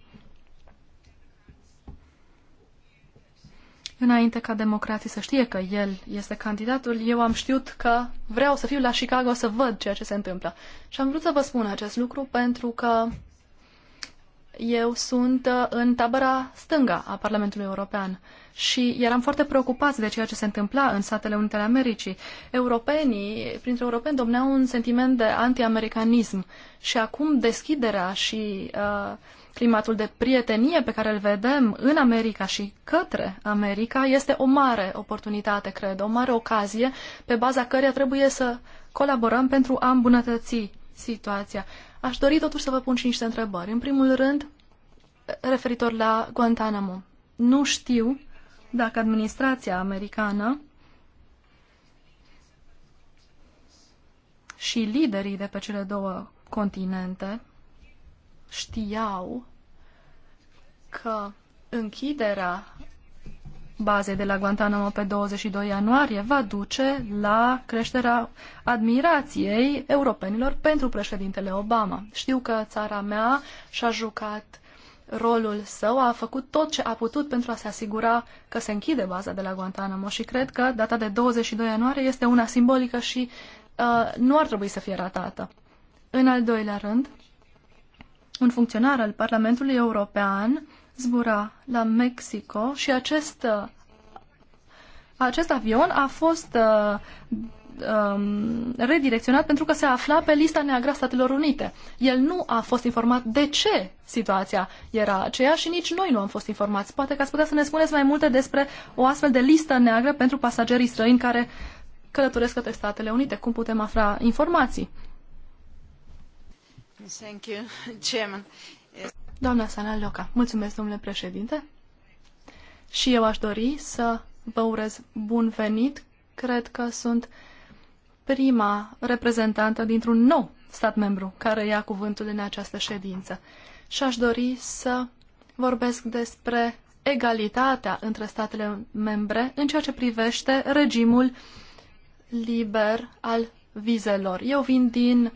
Înainte ca democrații să știe că el este candidatul, eu am știut că vreau să fiu la Chicago să văd ceea ce se întâmplă. Și am vrut să vă spun acest lucru pentru că eu sunt uh, în tabăra stânga a Parlamentului European și eram foarte preocupați de ceea ce se întâmpla în Statele Unite ale Americii. Europenii, printre europeni, domneau un sentiment de anti-americanism și acum deschiderea și uh, climatul de prietenie pe care îl vedem în America și către America este o mare oportunitate, cred, o mare ocazie pe baza căreia trebuie să colaborăm pentru a îmbunătăți situația. Aș dori totuși să vă pun și niște întrebări. În primul rând, referitor la Guantanamo. Nu știu dacă administrația americană și liderii de pe cele două continente știau că închiderea bazei de la Guantanamo pe 22 ianuarie va duce la creșterea admirației europenilor pentru președintele Obama. Știu că țara mea și-a jucat rolul său, a făcut tot ce a putut pentru a se asigura că se închide baza de la Guantanamo și cred că data de 22 ianuarie este una simbolică și uh, nu ar trebui să fie ratată. În al doilea rând, un funcționar al Parlamentului European zbura la Mexico și acest, uh, acest avion a fost uh, um, redirecționat pentru că se afla pe lista neagră a Statelor Unite. El nu a fost informat de ce situația era aceea și nici noi nu am fost informați. Poate că ați putea să ne spuneți mai multe despre o astfel de listă neagră pentru pasagerii străini care călătoresc către Statele Unite. Cum putem afla informații? Thank you, Chairman. Doamna Sana Loca, mulțumesc, domnule președinte. Și eu aș dori să vă urez bun venit. Cred că sunt prima reprezentantă dintr-un nou stat membru care ia cuvântul în această ședință. Și aș dori să vorbesc despre egalitatea între statele membre în ceea ce privește regimul liber al vizelor. Eu vin din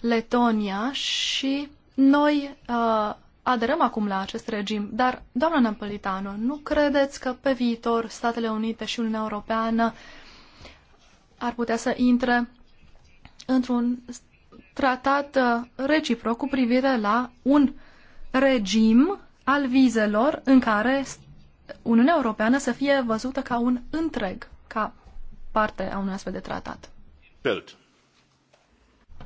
Letonia și noi uh, aderăm acum la acest regim, dar, doamna Napolitano, nu credeți că pe viitor Statele Unite și Uniunea Europeană ar putea să intre într-un tratat uh, reciproc cu privire la un regim al vizelor în care Uniunea Europeană să fie văzută ca un întreg, ca parte a unui astfel de tratat? Bild.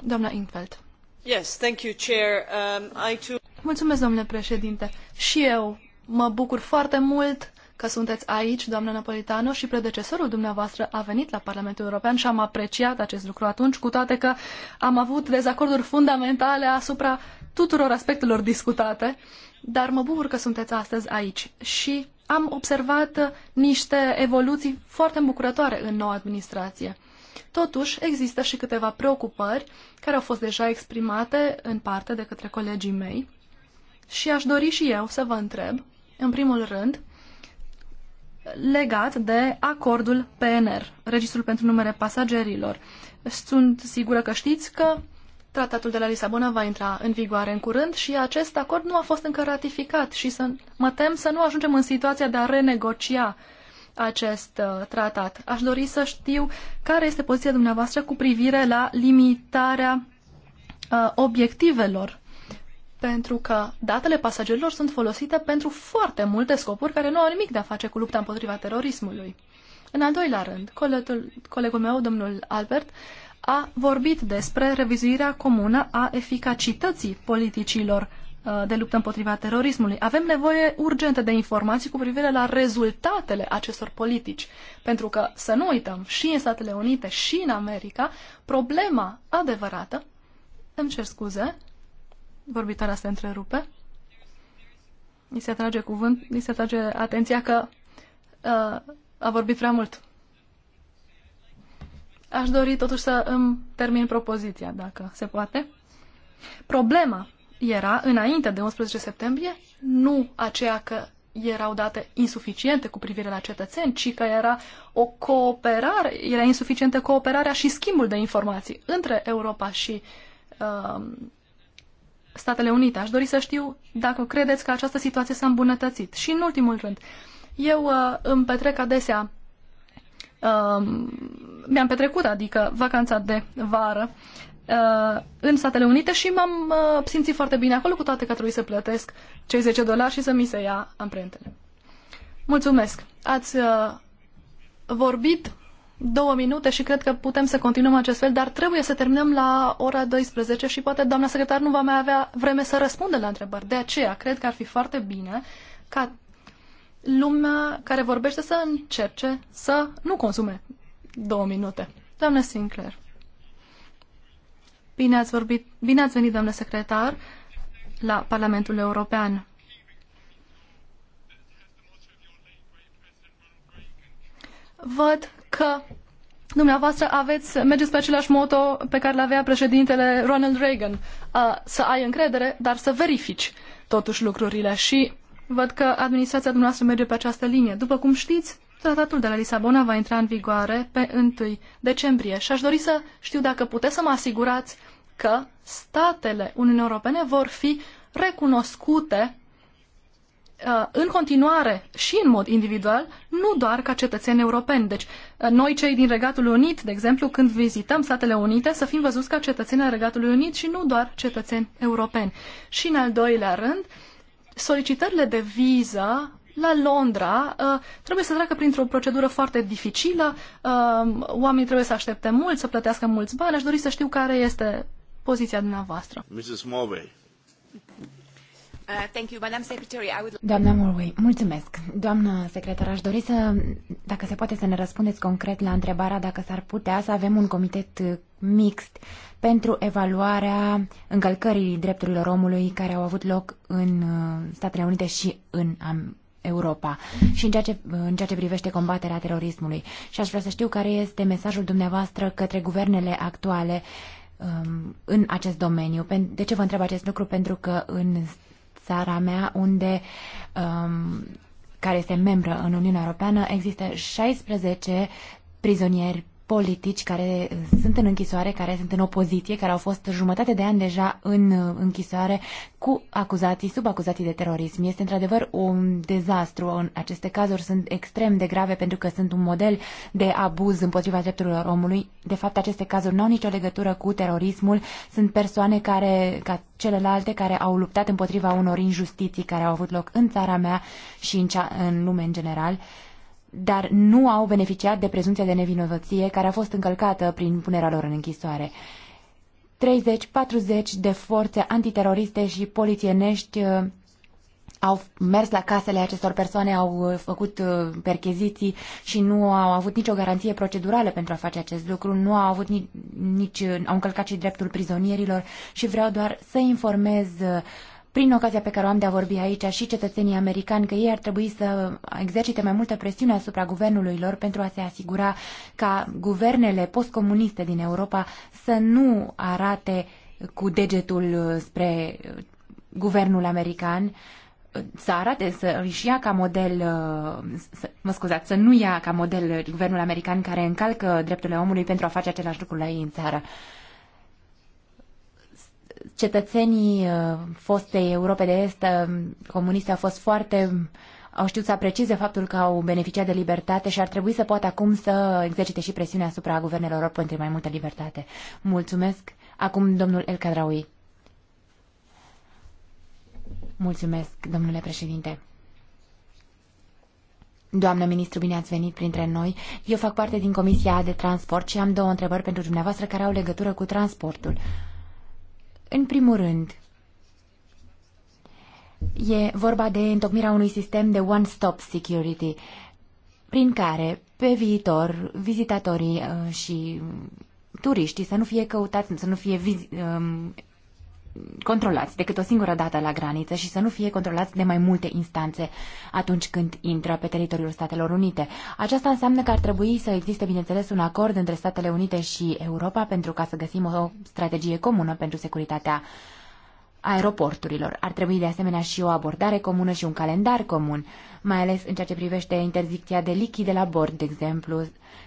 Doamna Infeld. Yes, thank you, Chair. Um, I too... Mulțumesc, domnule președinte. Și eu mă bucur foarte mult că sunteți aici, doamnă Napolitano, și predecesorul dumneavoastră a venit la Parlamentul European și am apreciat acest lucru atunci, cu toate că am avut dezacorduri fundamentale asupra tuturor aspectelor discutate, dar mă bucur că sunteți astăzi aici și am observat niște evoluții foarte îmbucurătoare în noua administrație. Totuși, există și câteva preocupări care au fost deja exprimate în parte de către colegii mei și aș dori și eu să vă întreb, în primul rând, legat de acordul PNR, Registrul pentru numere pasagerilor. Sunt sigură că știți că tratatul de la Lisabona va intra în vigoare în curând și acest acord nu a fost încă ratificat și să, mă tem să nu ajungem în situația de a renegocia acest uh, tratat. Aș dori să știu care este poziția dumneavoastră cu privire la limitarea uh, obiectivelor pentru că datele pasagerilor sunt folosite pentru foarte multe scopuri care nu au nimic de a face cu lupta împotriva terorismului. În al doilea rând, colegul, colegul meu, domnul Albert, a vorbit despre revizuirea comună a eficacității politicilor uh, de luptă împotriva terorismului. Avem nevoie urgentă de informații cu privire la rezultatele acestor politici, pentru că, să nu uităm, și în Statele Unite și în America, problema adevărată, îmi cer scuze, Vorbitoarea se întrerupe. Ni se atrage cuvânt, ni se atrage atenția că uh, a vorbit prea mult. Aș dori totuși să îmi termin propoziția, dacă se poate. Problema era, înainte de 11 septembrie, nu aceea că erau date insuficiente cu privire la cetățeni, ci că era o cooperare, era insuficientă cooperarea și schimbul de informații între Europa și uh, Statele Unite. Aș dori să știu dacă credeți că această situație s-a îmbunătățit. Și în ultimul rând, eu uh, îmi petrec adesea, uh, mi-am petrecut, adică vacanța de vară, uh, în Statele Unite și m-am uh, simțit foarte bine acolo, cu toate că trebuie să plătesc cei 10 dolari și să mi se ia amprentele. Mulțumesc! Ați uh, vorbit două minute și cred că putem să continuăm acest fel, dar trebuie să terminăm la ora 12 și poate doamna secretar nu va mai avea vreme să răspundă la întrebări. De aceea, cred că ar fi foarte bine ca lumea care vorbește să încerce să nu consume două minute. Doamna Sinclair. Bine ați, vorbit, bine ați venit, doamnă secretar, la Parlamentul European. Văd că dumneavoastră aveți, mergeți pe același moto pe care l-avea președintele Ronald Reagan. Să ai încredere, dar să verifici totuși lucrurile și văd că administrația dumneavoastră merge pe această linie. După cum știți, tratatul de la Lisabona va intra în vigoare pe 1 decembrie și aș dori să știu dacă puteți să mă asigurați că statele Uniunii Europene vor fi recunoscute Uh, în continuare și în mod individual, nu doar ca cetățeni europeni. Deci, uh, noi cei din Regatul Unit, de exemplu, când vizităm Statele Unite, să fim văzuți ca cetățeni al Regatului Unit și nu doar cetățeni europeni. Și, în al doilea rând, solicitările de viză la Londra uh, trebuie să treacă printr-o procedură foarte dificilă, oamenii trebuie să aștepte mult, să plătească mulți bani. Aș dori să știu care este poziția dumneavoastră. Mrs. Mulvey. Uh, Doamna Morway, mulțumesc. Doamnă secretar, aș dori să, dacă se poate să ne răspundeți concret la întrebarea dacă s-ar putea să avem un comitet uh, mixt pentru evaluarea încălcării drepturilor omului care au avut loc în uh, Statele Unite și în Europa și în ceea, ce, în ceea ce privește combaterea terorismului. Și aș vrea să știu care este mesajul dumneavoastră către guvernele actuale um, în acest domeniu. De ce vă întreb acest lucru? Pentru că în țara mea, unde um, care este membră în Uniunea Europeană, există 16 prizonieri politici care sunt în închisoare, care sunt în opoziție, care au fost jumătate de ani deja în uh, închisoare cu acuzații, sub acuzații de terorism. Este într-adevăr un dezastru. În aceste cazuri sunt extrem de grave pentru că sunt un model de abuz împotriva drepturilor omului. De fapt, aceste cazuri nu au nicio legătură cu terorismul. Sunt persoane care, ca celelalte care au luptat împotriva unor injustiții care au avut loc în țara mea și în, cea, în lume în general. Uh, dar nu au beneficiat de prezumția de nevinovăție care a fost încălcată prin punerea lor în închisoare. 30-40 de forțe antiteroriste și polițienești uh, au mers la casele acestor persoane, au uh, făcut uh, percheziții și nu au avut nicio garanție procedurală pentru a face acest lucru, nu au avut nici, nici au încălcat și dreptul prizonierilor și vreau doar să informez uh, prin ocazia pe care o am de a vorbi aici și cetățenii americani că ei ar trebui să exercite mai multă presiune asupra guvernului lor pentru a se asigura ca guvernele postcomuniste din Europa să nu arate cu degetul spre guvernul american să arate, să își ia ca model, să, mă scuzați, să nu ia ca model guvernul american care încalcă drepturile omului pentru a face același lucru la ei în țară cetățenii uh, fostei Europe de Est uh, comuniste au fost foarte au știut să aprecieze faptul că au beneficiat de libertate și ar trebui să poată acum să exercite și presiunea asupra guvernelor lor pentru mai multă libertate. Mulțumesc. Acum domnul El Cadraui. Mulțumesc, domnule președinte. Doamnă ministru, bine ați venit printre noi. Eu fac parte din Comisia de Transport și am două întrebări pentru dumneavoastră care au legătură cu transportul. Uh, în primul rând, e vorba de întocmirea unui sistem de one-stop security, prin care, pe viitor, vizitatorii uh, și turiștii să nu fie căutați, să nu fie um, controlați decât o singură dată la graniță și să nu fie controlați de mai multe instanțe atunci când intră pe teritoriul Statelor Unite. Aceasta înseamnă că ar trebui să existe, bineînțeles, un acord între Statele Unite și Europa pentru ca să găsim o strategie comună pentru securitatea uh, aeroporturilor. Ar trebui de asemenea și o abordare comună și un calendar comun, mai ales în ceea ce privește interdicția de lichide la bord, de exemplu.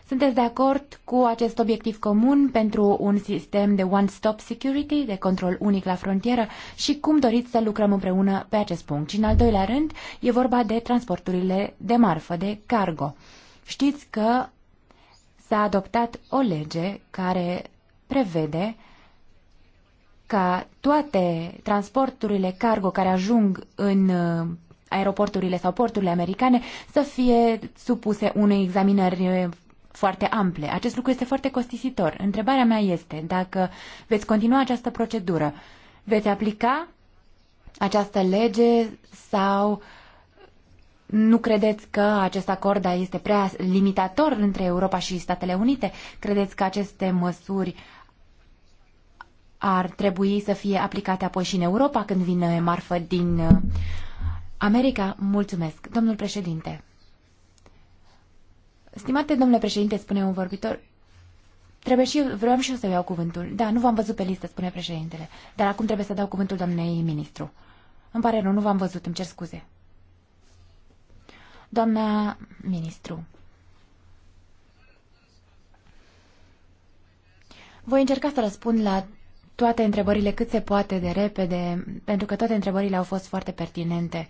Sunteți de acord cu acest obiectiv comun pentru un sistem de one-stop security, de control unic la frontieră și cum doriți să lucrăm împreună pe acest punct? Și în al doilea rând, e vorba de transporturile de marfă, de cargo. Știți că s-a adoptat o lege care prevede ca toate transporturile cargo care ajung în uh, aeroporturile sau porturile americane să fie supuse unei examinări uh, foarte ample. Acest lucru este foarte costisitor. Întrebarea mea este dacă veți continua această procedură, veți aplica această lege sau nu credeți că acest acord este prea limitator între Europa și Statele Unite? Credeți că aceste măsuri uh, ar trebui să fie aplicate apoi și în Europa când vine marfă din uh, America? Mulțumesc, domnul președinte. Stimate domnule președinte, spune un vorbitor, trebuie și eu, vreau și eu să iau cuvântul. Da, nu v-am văzut pe listă, spune președintele, dar acum trebuie să dau cuvântul doamnei ministru. Îmi pare rău, nu v-am văzut, îmi cer scuze. Doamna ministru, voi încerca să răspund la toate întrebările cât se poate de repede, pentru că toate întrebările au fost foarte pertinente.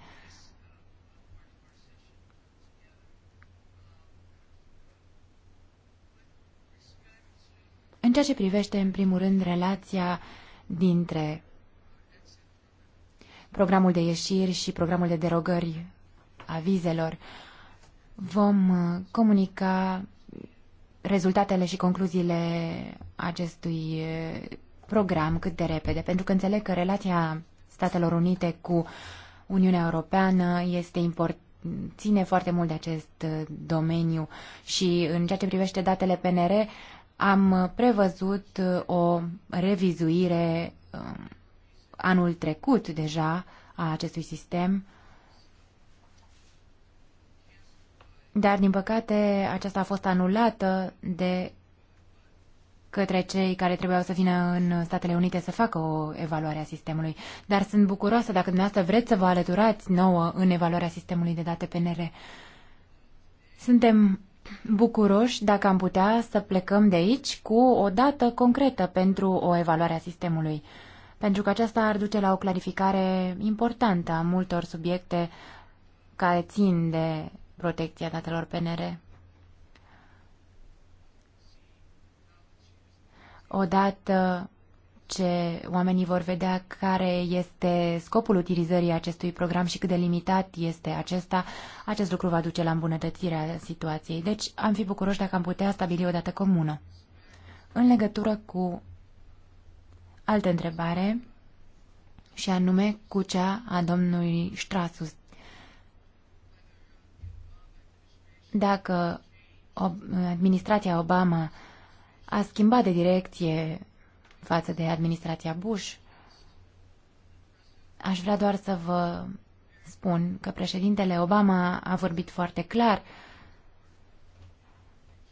În ceea ce privește, în primul rând, relația dintre programul de ieșiri și programul de derogări a vizelor, vom uh, comunica rezultatele și concluziile acestui uh, program cât de repede, pentru că înțeleg că relația Statelor Unite cu Uniunea Europeană este import, ține foarte mult de acest uh, domeniu și în ceea ce privește datele PNR am prevăzut uh, o revizuire um, anul trecut deja a acestui sistem, dar din păcate aceasta a fost anulată de către cei care trebuiau să vină în Statele Unite să facă o evaluare a sistemului. Dar sunt bucuroasă dacă dumneavoastră vreți să vă alăturați nouă în evaluarea sistemului de date PNR. Suntem bucuroși dacă am putea să plecăm de aici cu o dată concretă pentru o evaluare a sistemului, pentru că aceasta ar duce la o clarificare importantă a multor subiecte care țin de protecția datelor PNR. odată ce oamenii vor vedea care este scopul utilizării acestui program și cât de limitat este acesta, acest lucru va duce la îmbunătățirea situației. Deci am fi bucuroși dacă am putea stabili o dată comună. În legătură cu altă întrebare, și anume cu cea a domnului Strasus. Dacă administrația Obama a schimbat de direcție față de administrația Bush. Aș vrea doar să vă spun că președintele Obama a vorbit foarte clar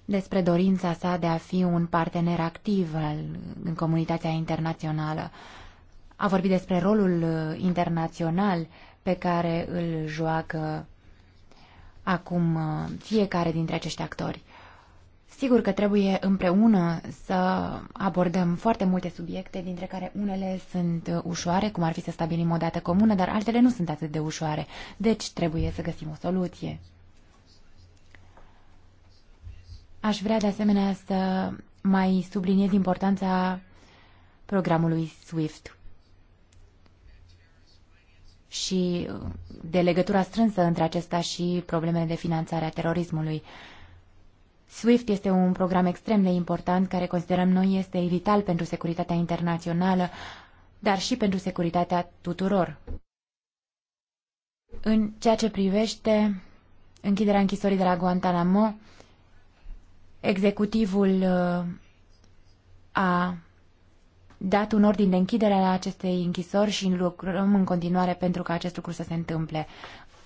despre dorința sa de a fi un partener activ al, în comunitatea internațională. A vorbit despre rolul internațional pe care îl joacă acum uh, fiecare dintre acești actori. Sigur că trebuie împreună să abordăm foarte multe subiecte, dintre care unele sunt ușoare, cum ar fi să stabilim o dată comună, dar altele nu sunt atât de ușoare. Deci trebuie să găsim o soluție. Aș vrea de asemenea să mai subliniez importanța programului SWIFT și de legătura strânsă între acesta și problemele de finanțare a terorismului. SWIFT este un program extrem de important care considerăm noi este vital pentru securitatea internațională, dar și pentru securitatea tuturor. În ceea ce privește închiderea închisorii de la Guantanamo, executivul uh, a dat un ordin de închidere la acestei închisori și lucrăm în continuare pentru ca acest lucru să se întâmple.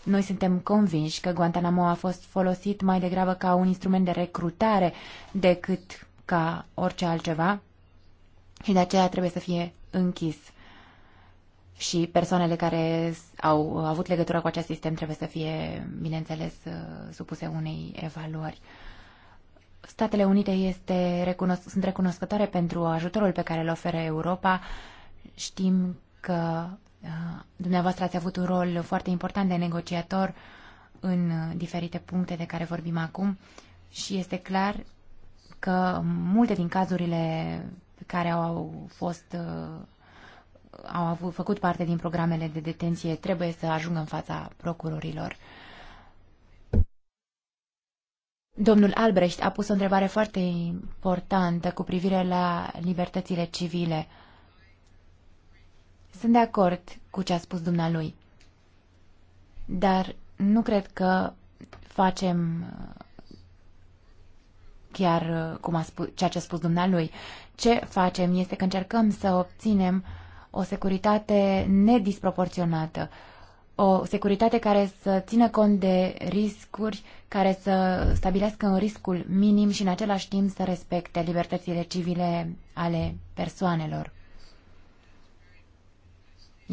Noi suntem convinși că Guantanamo a fost folosit mai degrabă ca un instrument de recrutare decât ca orice altceva și de aceea trebuie să fie închis. Și persoanele care au avut legătură cu acest sistem trebuie să fie, bineînțeles, uh, supuse unei evaluări. Statele Unite este recunosc, sunt recunoscătoare pentru ajutorul pe care îl oferă Europa. Știm că Uh, dumneavoastră ați avut un rol foarte important de negociator în uh, diferite puncte de care vorbim acum și este clar că multe din cazurile care au fost uh, au avut, făcut parte din programele de detenție trebuie să ajungă în fața procurorilor. Domnul Albrecht a pus o întrebare foarte importantă cu privire la libertățile civile. Sunt de acord cu ce a spus dumnealui, dar nu cred că facem uh, chiar uh, cum a spus, ceea ce a spus dumnealui. Ce facem este că încercăm să obținem o securitate nedisproporționată, o securitate care să țină cont de riscuri, care să stabilească un riscul minim și în același timp să respecte libertățile civile ale persoanelor.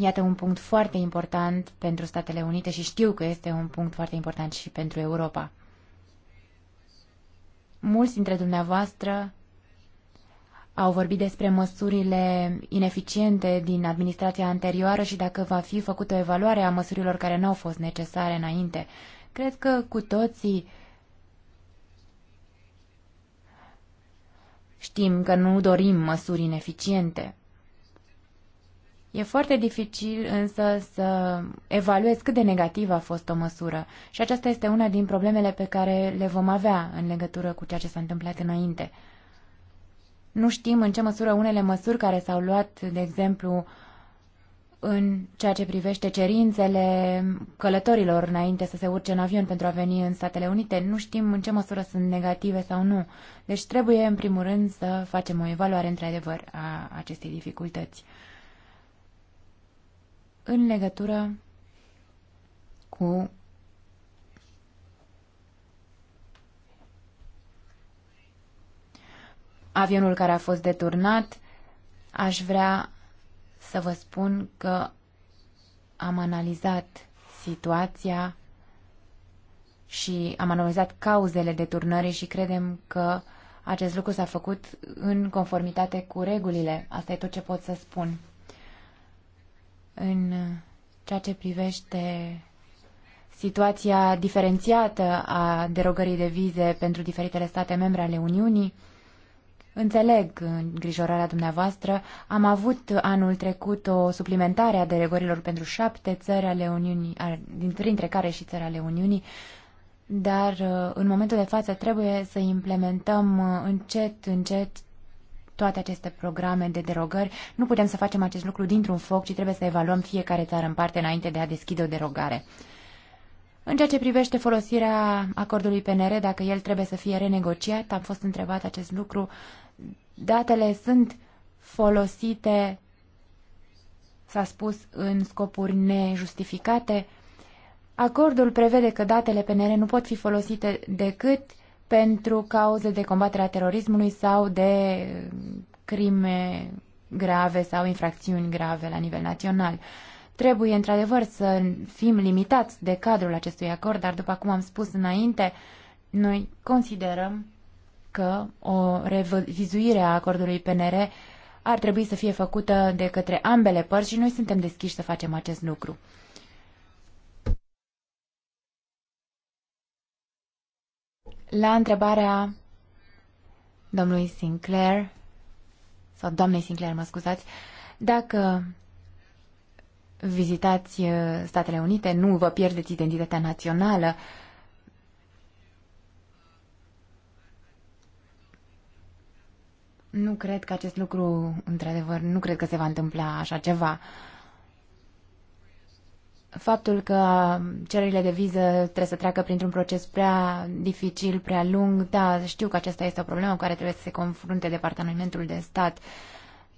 Iată un punct foarte important pentru Statele Unite și știu că este un punct foarte important și pentru Europa. Mulți dintre dumneavoastră au vorbit despre măsurile ineficiente din administrația anterioară și dacă va fi făcută o evaluare a măsurilor care nu au fost necesare înainte. Cred că cu toții știm că nu dorim măsuri ineficiente. E foarte dificil însă să evaluez cât de negativ a fost o măsură și aceasta este una din problemele pe care le vom avea în legătură cu ceea ce s-a întâmplat înainte. Nu știm în ce măsură unele măsuri care s-au luat, de exemplu, în ceea ce privește cerințele călătorilor înainte să se urce în avion pentru a veni în Statele Unite, nu știm în ce măsură sunt negative sau nu. Deci trebuie, în primul rând, să facem o evaluare, într-adevăr, a acestei dificultăți în legătură cu avionul care a fost deturnat, aș vrea să vă spun că am analizat situația și am analizat cauzele deturnării și credem că acest lucru s-a făcut în conformitate cu regulile. Asta e tot ce pot să spun în ceea ce privește situația diferențiată a derogării de vize pentru diferitele state membre ale Uniunii. Înțeleg îngrijorarea dumneavoastră. Am avut anul trecut o suplimentare a derogărilor pentru șapte țări ale Uniunii, dintre care și țări ale Uniunii, dar uh, în momentul de față trebuie să implementăm uh, încet, încet toate aceste programe de derogări. Nu putem să facem acest lucru dintr-un foc, ci trebuie să evaluăm fiecare țară în parte înainte de a deschide o derogare. În ceea ce privește folosirea acordului PNR, dacă el trebuie să fie renegociat, am fost întrebat acest lucru. Datele sunt folosite, s-a spus, în scopuri nejustificate. Acordul prevede că datele PNR nu pot fi folosite decât pentru cauze de combatere a terorismului sau de crime grave sau infracțiuni grave la nivel național. Trebuie, într-adevăr, să fim limitați de cadrul acestui acord, dar, după cum am spus înainte, noi considerăm că o revizuire a acordului PNR ar trebui să fie făcută de către ambele părți și noi suntem deschiși să facem acest lucru. La întrebarea domnului Sinclair, sau doamnei Sinclair, mă scuzați, dacă vizitați uh, Statele Unite, nu vă pierdeți identitatea națională. Nu cred că acest lucru, într-adevăr, nu cred că se va întâmpla așa ceva. Uh, faptul că cererile de viză trebuie să treacă printr-un proces prea dificil, prea lung, da, știu că aceasta este o problemă cu care trebuie să se confrunte Departamentul de Stat,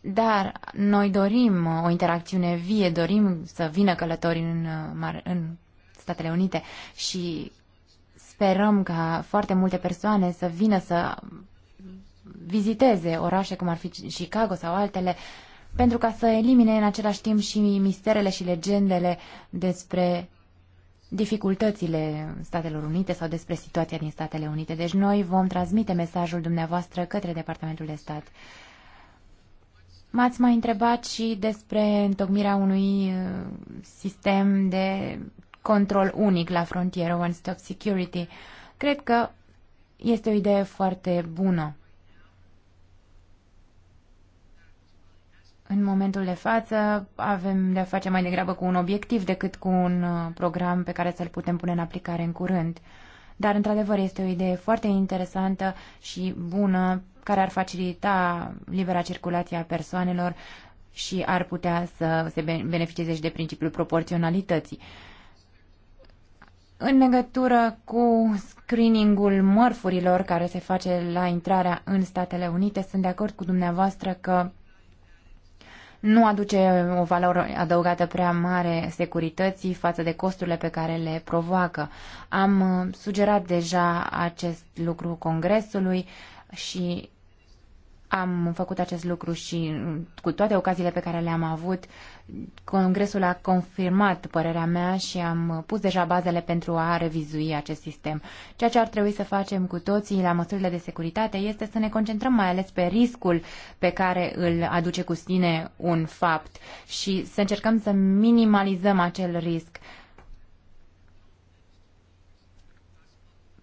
dar noi dorim o interacțiune vie, dorim să vină călători în, uh, în Statele Unite și sperăm ca foarte multe persoane să vină să viziteze orașe cum ar fi Chicago sau altele, uh, pentru ca să elimine în același timp și misterele și legendele despre dificultățile Statelor Unite sau despre situația din Statele Unite. Deci noi vom transmite mesajul dumneavoastră către Departamentul de Stat. M-ați mai întrebat și despre întocmirea unui uh, sistem de control unic la frontieră, One Stop Security. Cred că este o idee foarte bună. În momentul de față avem de-a face mai degrabă cu un obiectiv decât cu un uh, program pe care să-l putem pune în aplicare în curând. Dar, într-adevăr, este o idee foarte interesantă și bună care ar facilita libera circulație a persoanelor și ar putea să se beneficieze și de principiul proporționalității. În legătură cu screeningul mărfurilor care se face la intrarea în Statele Unite, sunt de acord cu dumneavoastră că nu aduce o valoare adăugată prea mare securității față de costurile pe care le provoacă. Am uh, sugerat deja acest lucru Congresului și am făcut acest lucru și uh, cu toate ocaziile pe care le-am avut Congresul a confirmat părerea mea și am pus deja bazele pentru a revizui acest sistem. Ceea ce ar trebui să facem cu toții la măsurile de securitate este să ne concentrăm mai ales pe riscul pe care îl aduce cu sine un fapt și să încercăm să minimalizăm acel risc.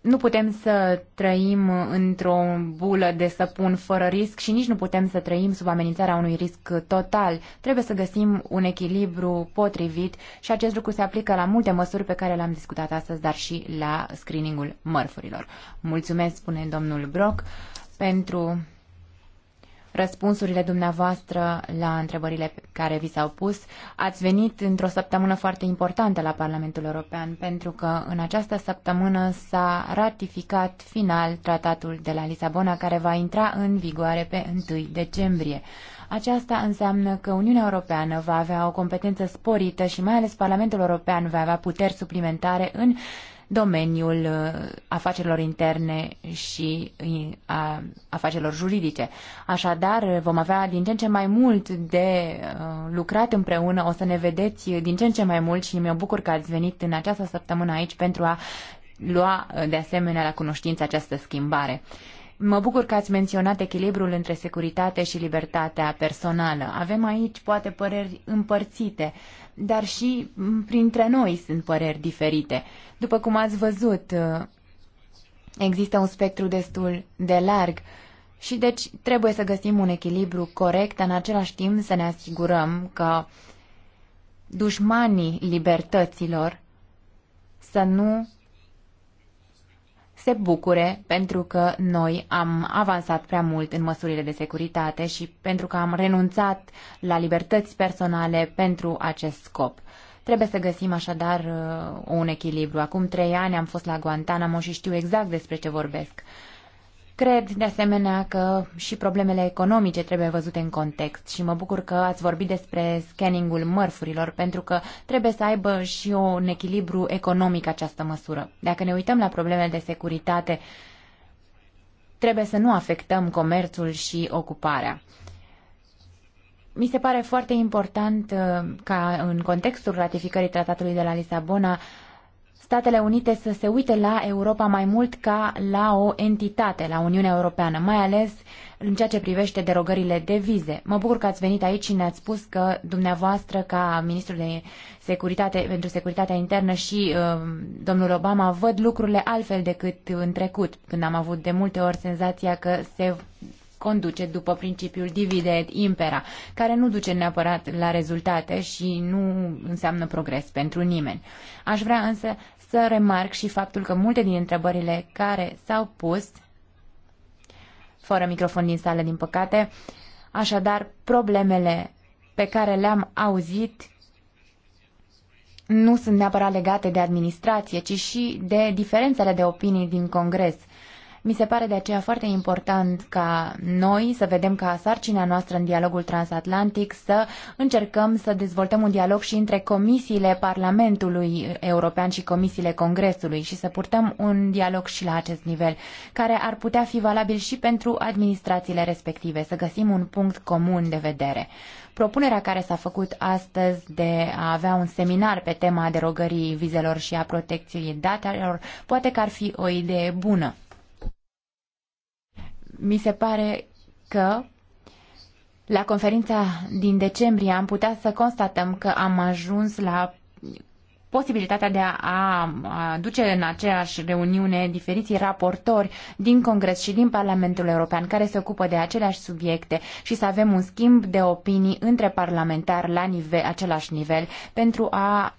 nu putem să trăim într-o bulă de săpun fără risc și nici nu putem să trăim sub amenințarea unui risc total. Trebuie să găsim un echilibru potrivit și acest lucru se aplică la multe măsuri pe care le-am discutat astăzi, dar și la screeningul mărfurilor. Mulțumesc, spune domnul Brock, pentru răspunsurile dumneavoastră la întrebările care vi s-au pus. Ați venit într-o săptămână foarte importantă la Parlamentul European, pentru că în această săptămână s-a ratificat final tratatul de la Lisabona, care va intra în vigoare pe 1 decembrie. Aceasta înseamnă că Uniunea Europeană va avea o competență sporită și mai ales Parlamentul European va avea puteri suplimentare în domeniul uh, afacerilor interne și uh, afacerilor juridice. Așadar, uh, vom avea din ce în ce mai mult de lucrat împreună, o să ne vedeți din ce în ce mai mult și mi-o bucur că ați venit în această săptămână aici pentru a lua de asemenea la cunoștință această schimbare. Mă bucur că ați menționat echilibrul între securitate și libertatea personală. Avem aici poate păreri împărțite, dar și printre noi sunt păreri diferite. După cum ați văzut, există un spectru destul de larg și deci trebuie să găsim un echilibru corect, în același timp să ne asigurăm că dușmanii libertăților să nu se bucure pentru că noi am avansat prea mult în măsurile de securitate și pentru că am renunțat la libertăți personale pentru acest scop. Trebuie să găsim așadar uh, un echilibru. Acum trei ani am fost la Guantanamo și știu exact despre ce vorbesc. Cred, de asemenea, că și problemele economice trebuie văzute în context și mă bucur că ați vorbit despre scanningul mărfurilor, pentru că trebuie să aibă și un echilibru economic această măsură. Dacă ne uităm la problemele de securitate, trebuie să nu afectăm comerțul și ocuparea. Mi se pare foarte important uh, ca în contextul ratificării tratatului de la Lisabona Statele Unite să se uite la Europa mai mult ca la o entitate, la Uniunea Europeană, mai ales în ceea ce privește derogările de vize. Mă bucur că ați venit aici și ne-ați spus că dumneavoastră, ca ministru de securitate, pentru securitatea internă și uh, domnul Obama, văd lucrurile altfel decât în trecut, când am avut de multe ori senzația că se conduce după principiul divide et impera, care nu duce neapărat la rezultate și nu înseamnă progres pentru nimeni. Aș vrea însă să remarc și faptul că multe din întrebările care s-au pus, fără microfon din sală, din păcate, așadar problemele pe care le-am auzit nu sunt neapărat legate de administrație, ci și de diferențele de opinii din Congres. Mi se pare de aceea foarte important ca noi să vedem ca sarcina noastră în dialogul transatlantic să încercăm să dezvoltăm un dialog și între comisiile Parlamentului European și comisiile Congresului și să purtăm un dialog și la acest nivel, care ar putea fi valabil și pentru administrațiile respective, să găsim un punct comun de vedere. Propunerea care s-a făcut astăzi de a avea un seminar pe tema derogării vizelor și a protecției datelor poate că ar fi o idee bună mi se pare că la conferința din decembrie am putea să constatăm că am ajuns la posibilitatea de a duce în aceeași reuniune diferiții raportori din Congres și din Parlamentul European care se ocupă de aceleași subiecte și să avem un schimb de opinii între parlamentari la nivel, același nivel pentru a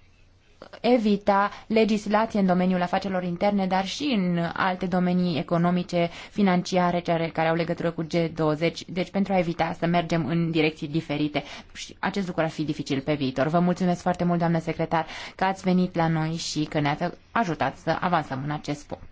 evita legislație în domeniul afacerilor interne, dar și în alte domenii economice, financiare, care care au legătură cu G20, deci pentru a evita să mergem în direcții diferite. Și acest lucru ar fi dificil pe viitor. Vă mulțumesc foarte mult, doamnă secretar, că ați venit la noi și că ne-ați ajutat să avansăm în acest punct.